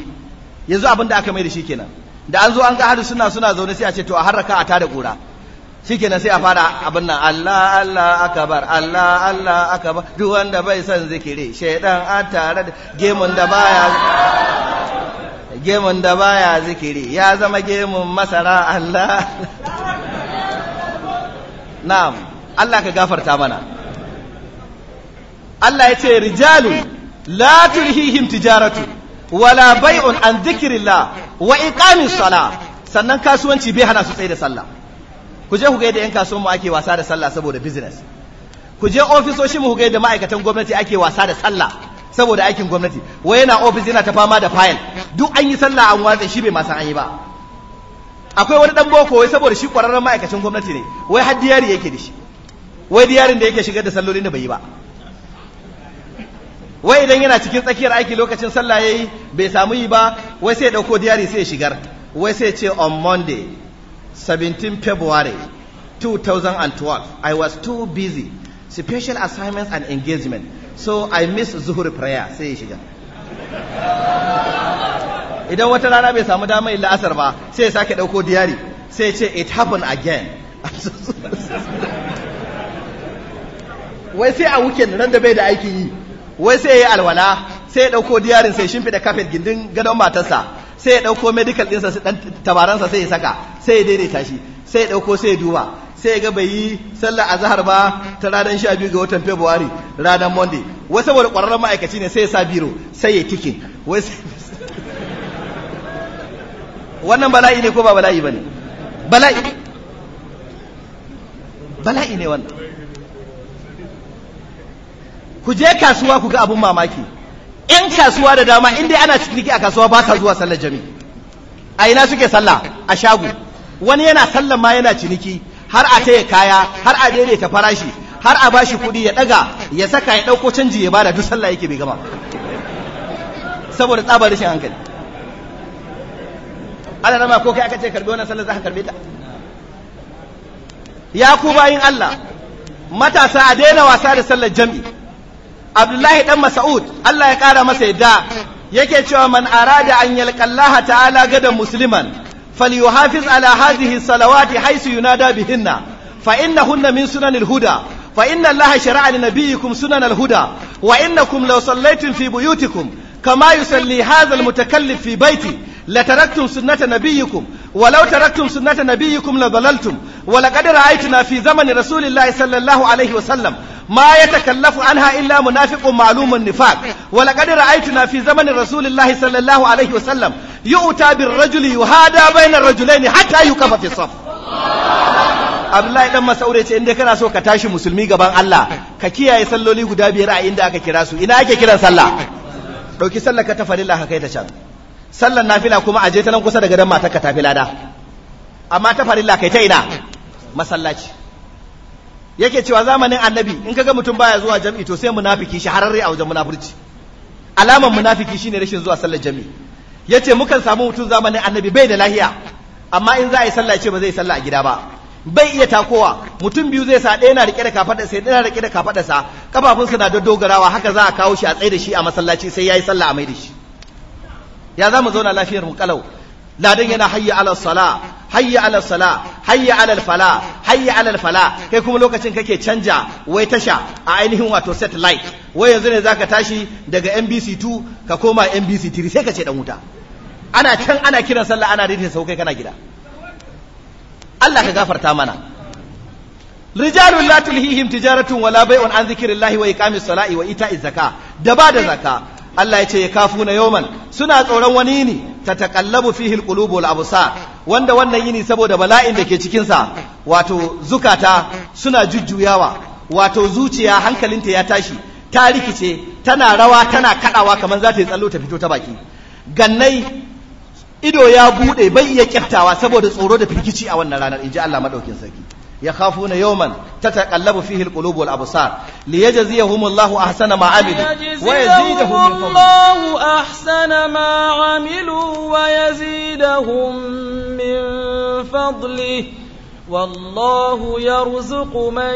yanzu abin da aka mai da shi kenan da an zo an ga halin suna suna zaune sai a ce to a harraka a tada kura shikenan sai a fara abin nan Allah Allah akabar Allah Allah akabar duk wanda bai son zikiri shaidan a tare da gemun da baya gemun da baya zikiri ya zama gemun masara Allah na'am Allah ka gafarta mana Allah ya ce Rijalu. la tulhihim tijaratu wala bai'un an dhikrillah wa iqamis sala sannan kasuwanci bai hana su tsaye da sallah ku je ku ga yadda yan kasuwan mu ake wasa da sallah saboda business ku je ofisoshin mu ku ga yadda ma'aikatan gwamnati ake wasa da sallah saboda aikin gwamnati wai yana ofis yana ta fama da fayil duk an yi sallah an watsa shi bai ma san an yi ba akwai wani dan boko wai saboda shi kwararren ma'aikacin gwamnati ne wai har diyari yake da shi wai diyarin da yake shigar da sallolin da bai yi ba wai idan yana cikin tsakiyar aiki lokacin sallah yayi bai samu yi ba wai sai dauko diyari sai ya shigar wai sai ce on monday 17 february 2012 i was too busy special assignments and engagement so i missed zuhur prayer sai ya shiga idan wata rana bai samu damar yin la'asar ba sai ya sake dauko diyari sai ce it happened again wai sai a weekend ran da bai da aikin yi wai sai ya yi alwala sai ya ɗauko diyarin sai da kafet gindin gadon matarsa sai ya ɗauko medical ɗinsa ɗan tabaransa sai ya saka sai ya daidaita shi sai ya ɗauko sai ya duba sai ya ga bai yi sallar zahar ba ta ranar sha biyu ga watan february ranar monday wai saboda ƙwararren ma'aikaci ne sai ya sa biro sai ya tikin wannan bala'i ne ko ba bala'i ba ne bala'i bala'i ne wannan ku je kasuwa ku ga abun mamaki in kasuwa da dama in dai ana cikin a kasuwa ba ka zuwa sallar jami a ina suke sallah a shago wani yana sallar ma yana ciniki har a taya kaya har a daidaita farashi har a bashi kuɗi ya ɗaga ya saka ya ɗauko canji ya bada duk sallah yake bai gama saboda tsabar rashin hankali ana rama ko kai aka ce karbi wannan sallar za ka karbe ta ya ku bayin Allah matasa a daina wasa da sallar jami'i abdullahi dan mas'ud Allah ya kara masa yadda yake cewa man arada an yalqallaha ta'ala gadan musliman falyuhafiz ala hadhihi salawati haythu yunada bihinna fa innahunna min sunanil huda fa inna allaha shara'a li nabiyyikum sunanal huda wa innakum law sallaytum fi buyutikum kama yusalli hadha al mutakallif fi baiti لتركتم سنة نبيكم ولو تركتم سنة نبيكم لضللتم ولقد رأيتنا في زمن رسول الله صلى الله عليه وسلم ما يتكلف عنها إلا منافق معلوم النفاق ولقد رأيتنا في زمن رسول الله صلى الله عليه وسلم يؤتى بالرجل يهادى بين الرجلين حتى يكف في الصف Abdullahi dan Masaure ce inda kana so ka tashi musulmi gaban Allah ka kiyaye salloli guda biyar a inda aka kira su ina ake kiran sallah dauki sallar ka ta farilla ka kai ta can sallan nafila kuma a je ta nan kusa da gadon matarka ta lada amma ta farilla kai ta ina masallaci yake cewa zamanin annabi in kaga mutum baya zuwa jam'i to sai munafiki shahararre a wajen munafurci alaman munafiki shine rashin zuwa sallar jami yace mukan samu mutum zamanin annabi bai da lahiya amma in za a yi sallah ce ba zai sallah a gida ba bai iya takowa mutum biyu zai sa ɗaya na rike da kafaɗa sai ɗaya rike da kafaɗa sa kafafun na da dogarawa haka za a kawo shi a tsaye da shi a masallaci sai yayi sallah a mai da shi ya za mu zauna lafiyar mu kalau ladan yana hayya ala sala hayya ala sala hayya ala fala hayya ala fala kai kuma lokacin kake canja wai tasha a ainihin wato satellite wai yanzu ne zaka tashi daga NBC 2 ka koma NBC 3 sai ka ce dan wuta ana can ana kiran sallah ana rinta sau kai kana gida Allah ka gafarta mana rijalun la tulhihim tijaratun wala bai'un an zikrillahi wa iqamis salati wa ita'iz zakah da ba da zaka. Allah ya ce ya kafu na yoman suna tsoron wani yini ta taƙallabu fihil ƙulubu al'abusa wanda wannan yini saboda bala'in da ke cikinsa wato zukata suna jujjuyawa wato zuciya hankalinta ya tashi ta rikice tana rawa tana kaɗawa kamar za ta yi tsallo ta fito ta baki gannai ido ya buɗe bai iya kyaftawa saboda tsoro da firgici a wannan ranar in ji Allah maɗaukin sarki يخافون يوما تتقلب فيه القلوب والأبصار ليجزيهم الله أحسن ما عملوا ويزيدهم من فضله الله أحسن ما عملوا ويزيدهم من فضله والله يرزق من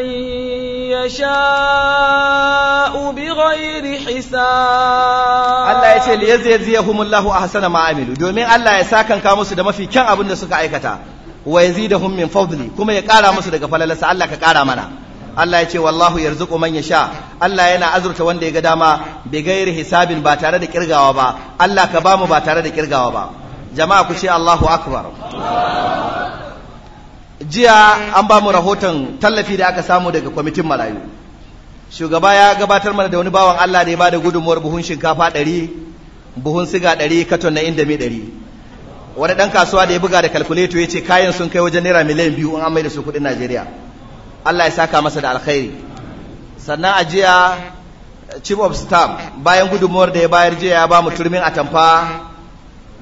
يشاء بغير حساب Allah ya ce liyaziyahum Allahu ahsana ma amilu domin Allah ya sakan ka musu da mafi kyan abin da suka aikata wa yazidahum min fadli kuma ya kara musu daga falalarsa Allah ka kara mana Allah ya ce wallahu yarzuqu man yasha Allah yana azurta wanda ya ga dama bi gairi hisabin ba tare da kirgawa ba Allah ka bamu ba tare da kirgawa ba jama'a ku ce Allahu akbar jiya an ba mu rahoton tallafi da aka samu daga kwamitin marayu shugaba ya gabatar mana da wani bawan Allah da ya bada gudunmuwar buhun shinkafa 100 buhun siga ɗari katon na inda mai ɗari wani ɗan kasuwa da ya buga da kalkuleto ya ce kayan sun kai wajen naira miliyan biyu an amai da su kuɗin najeriya allah ya saka masa da alkhairi sannan a jiya chief of staff bayan gudunmuwar da ya bayar jiya ya ba mu turmin atamfa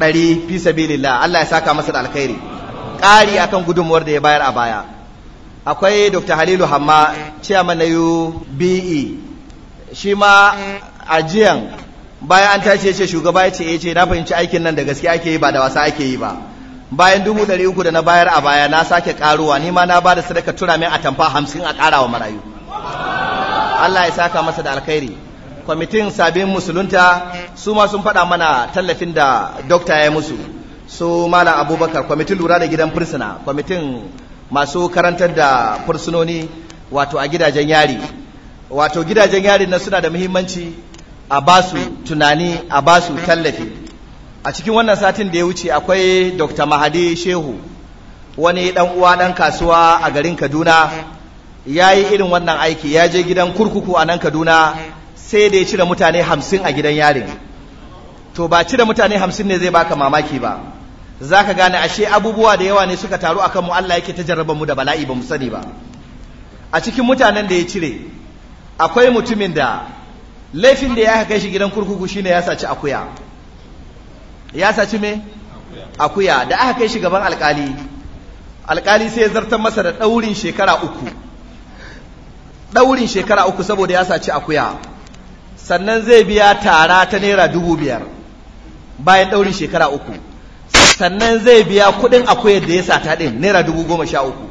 ɗari fi sabilillah allah ya saka masa da alkhairi ƙari akan gudunmuwar da ya bayar a baya akwai dr halilu hamma chairman na ube shi ma ajiyan bayan an tashi yace shugaba yace eh, ya ce na fahimci aikin nan da gaske ake yi ba da wasa ake yi ba bayan dubu ɗari uku da na bayar a baya na sake karuwa ni ma na ba da sadaka tura min atamfa hamsin a ƙara wa marayu Allah ya saka masa da alkhairi kwamitin sabin musulunta su ma sun faɗa mana tallafin da dokta ya yi musu su malam abubakar kwamitin lura da gidan fursuna kwamitin masu karantar da fursunoni wato a gidajen yari wato gidajen yari na suna da muhimmanci a ba su tunani a ba su tallafi a cikin wannan satin da ya wuce akwai dr mahadi shehu wani dan uwa dan kasuwa a garin kaduna ya yi irin wannan aiki ya je gidan kurkuku a nan kaduna sai da ya cire mutane hamsin a gidan yarin to ba cire mutane hamsin ne zai baka mamaki ba za ka gane ashe abubuwa da yawa ne suka taru a mu allah yake ta jarraba mu da bala'i ba mu sani ba a cikin mutanen da ya cire akwai mutumin da laifin da ya kai shi gidan kurkuku shine ya saci akuya ya saci me akuya da aka kai shi gaban alkali alkali sai ya zartar masa da daurin shekara uku daurin shekara uku saboda ya saci akuya sannan zai biya tara ta naira dubu biyar bayan daurin shekara uku sannan zai biya kudin akuyar da ya sata din naira dubu goma sha uku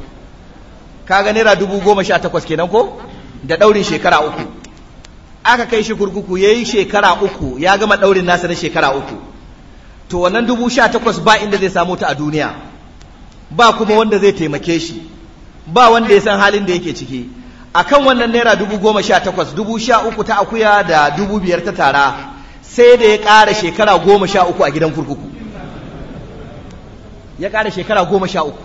kaga naira dubu goma sha takwas kenan ko da daurin shekara uku aka kai shi kurkuku ya yi shekara uku ya gama ɗaurin nasa na shekara uku to wannan dubu sha takwas ba inda zai samu ta a duniya ba kuma wanda zai taimake shi ba wanda ya san halin da yake ciki a kan wannan naira dubu goma sha takwas dubu sha uku ta akuya da dubu biyar ta tara sai da ya ƙara shekara goma sha uku a gidan kurkuku ya ƙara shekara goma sha uku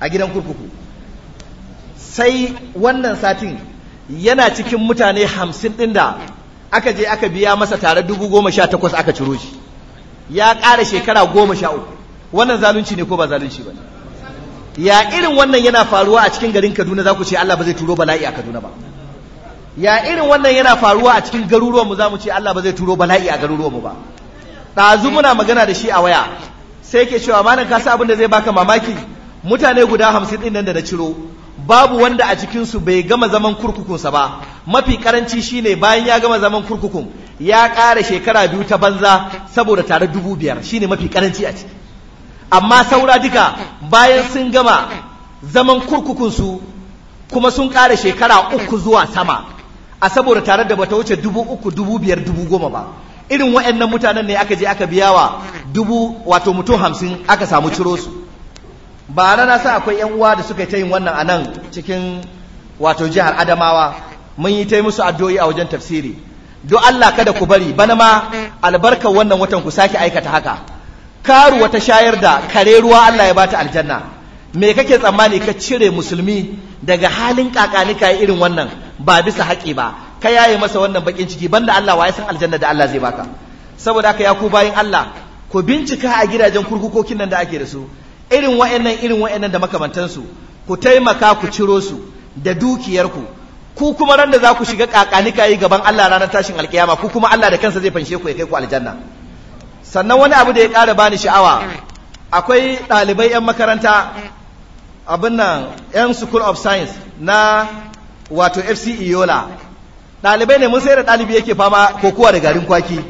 a gidan kurkuku sai wannan satin yana cikin mutane hamsin ɗin da aka je aka biya masa tare dubu goma sha takwas aka ciro shi ya ƙara shekara goma sha uku wannan zalunci ne ko ba zalunci ba ya irin wannan yana faruwa a cikin garin kaduna za ku ce allah ba zai turo bala'i a kaduna ba ya irin wannan yana faruwa a cikin garuruwanmu za mu ce allah ba zai turo bala'i a garuruwanmu ba ɗazu muna magana da shi a waya sai ke cewa malam ka abin da zai baka mamaki mutane guda hamsin ɗin nan da na ciro babu wanda a cikinsu bai gama zaman kurkukunsa ba mafi karanci shine bayan ya gama zaman kurkukun ya ƙara shekara biyu ta banza saboda tare dubu biyar shine mafi karanci a ciki amma saura duka bayan sun gama zaman kurkukunsu kuma sun ƙara shekara uku zuwa sama a saboda tare da bata wuce dubu uku dubu biyar dubu goma ba irin waɗannan mutanen ne aka je aka biya wa dubu wato mutum hamsin aka samu ciro su ba na sa akwai yan uwa da suka yi ta yin wannan a nan cikin wato jihar adamawa mun yi ta yi musu addu'o'i a wajen tafsiri do Allah kada ku bari bana ma albarkar wannan watan ku sake aikata haka Karu wata shayar da kare ruwa Allah ya bata aljanna me kake tsammani ka cire musulmi daga halin kakanika irin wannan ba bisa haƙi ba ka yaye masa wannan bakin ciki banda Allah wa ya san aljanna da Allah zai baka saboda haka ya ku bayin Allah ku bincika a gidajen kurkukokin nan da ake da su irin wa'annan irin wa'annan da makamantansu ku taimaka ku ciro su da dukiyarku ku kuma ran da za ku shiga kakanika yi gaban Allah ranar tashin alkiyama ku kuma Allah da kansa zai fanshe ku ya kai ku aljanna sannan wani abu da ya ƙara bani sha'awa akwai ɗalibai 'yan makaranta abin nan 'yan school of science na wato fc yola ɗalibai ne mun sai da ɗalibi yake fama kokowa da garin kwaki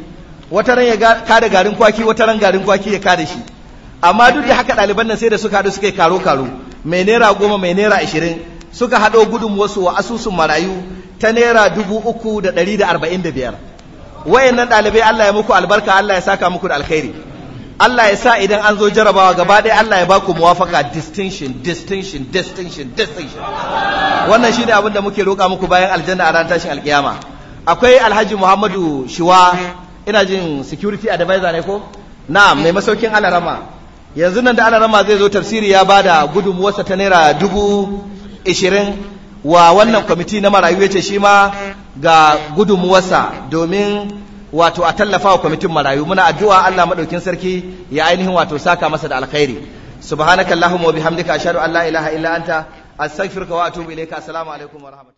wata ran ya kada garin kwaki wata ran garin kwaki ya kada shi amma duk da haka ɗaliban nan sai da suka haɗu suka yi karo karo mai naira goma mai naira ashirin suka haɗo gudun wasu wa asusun marayu ta naira dubu uku da ɗari da arba'in da biyar wayannan ɗalibai Allah ya muku albarka Allah ya saka muku da alkhairi Allah ya sa idan an zo jarabawa gaba ɗaya Allah ya baku muwafaka distinction distinction distinction distinction wannan shi ne abin da muke roƙa muku bayan aljanna a ranar tashin alƙiyama akwai Alhaji Muhammadu shuwa ina jin security advisor ne ko na'am mai masaukin alarama yanzu nan da alarama zai zo tafsiri ya ba da gudunmuwarsa ta naira dubu ishirin wa wannan kwamiti na marayu ya ce shi ma ga gudunmuwarsa domin wato a tallafa wa kwamitin marayu muna addu'a Allah maɗaukin sarki ya ainihin wato saka masa da alkhairi subhanakallahumma wa bihamdika ashhadu an la ilaha illa anta astaghfiruka wa atubu ilayka assalamu alaikum wa rahmatullahi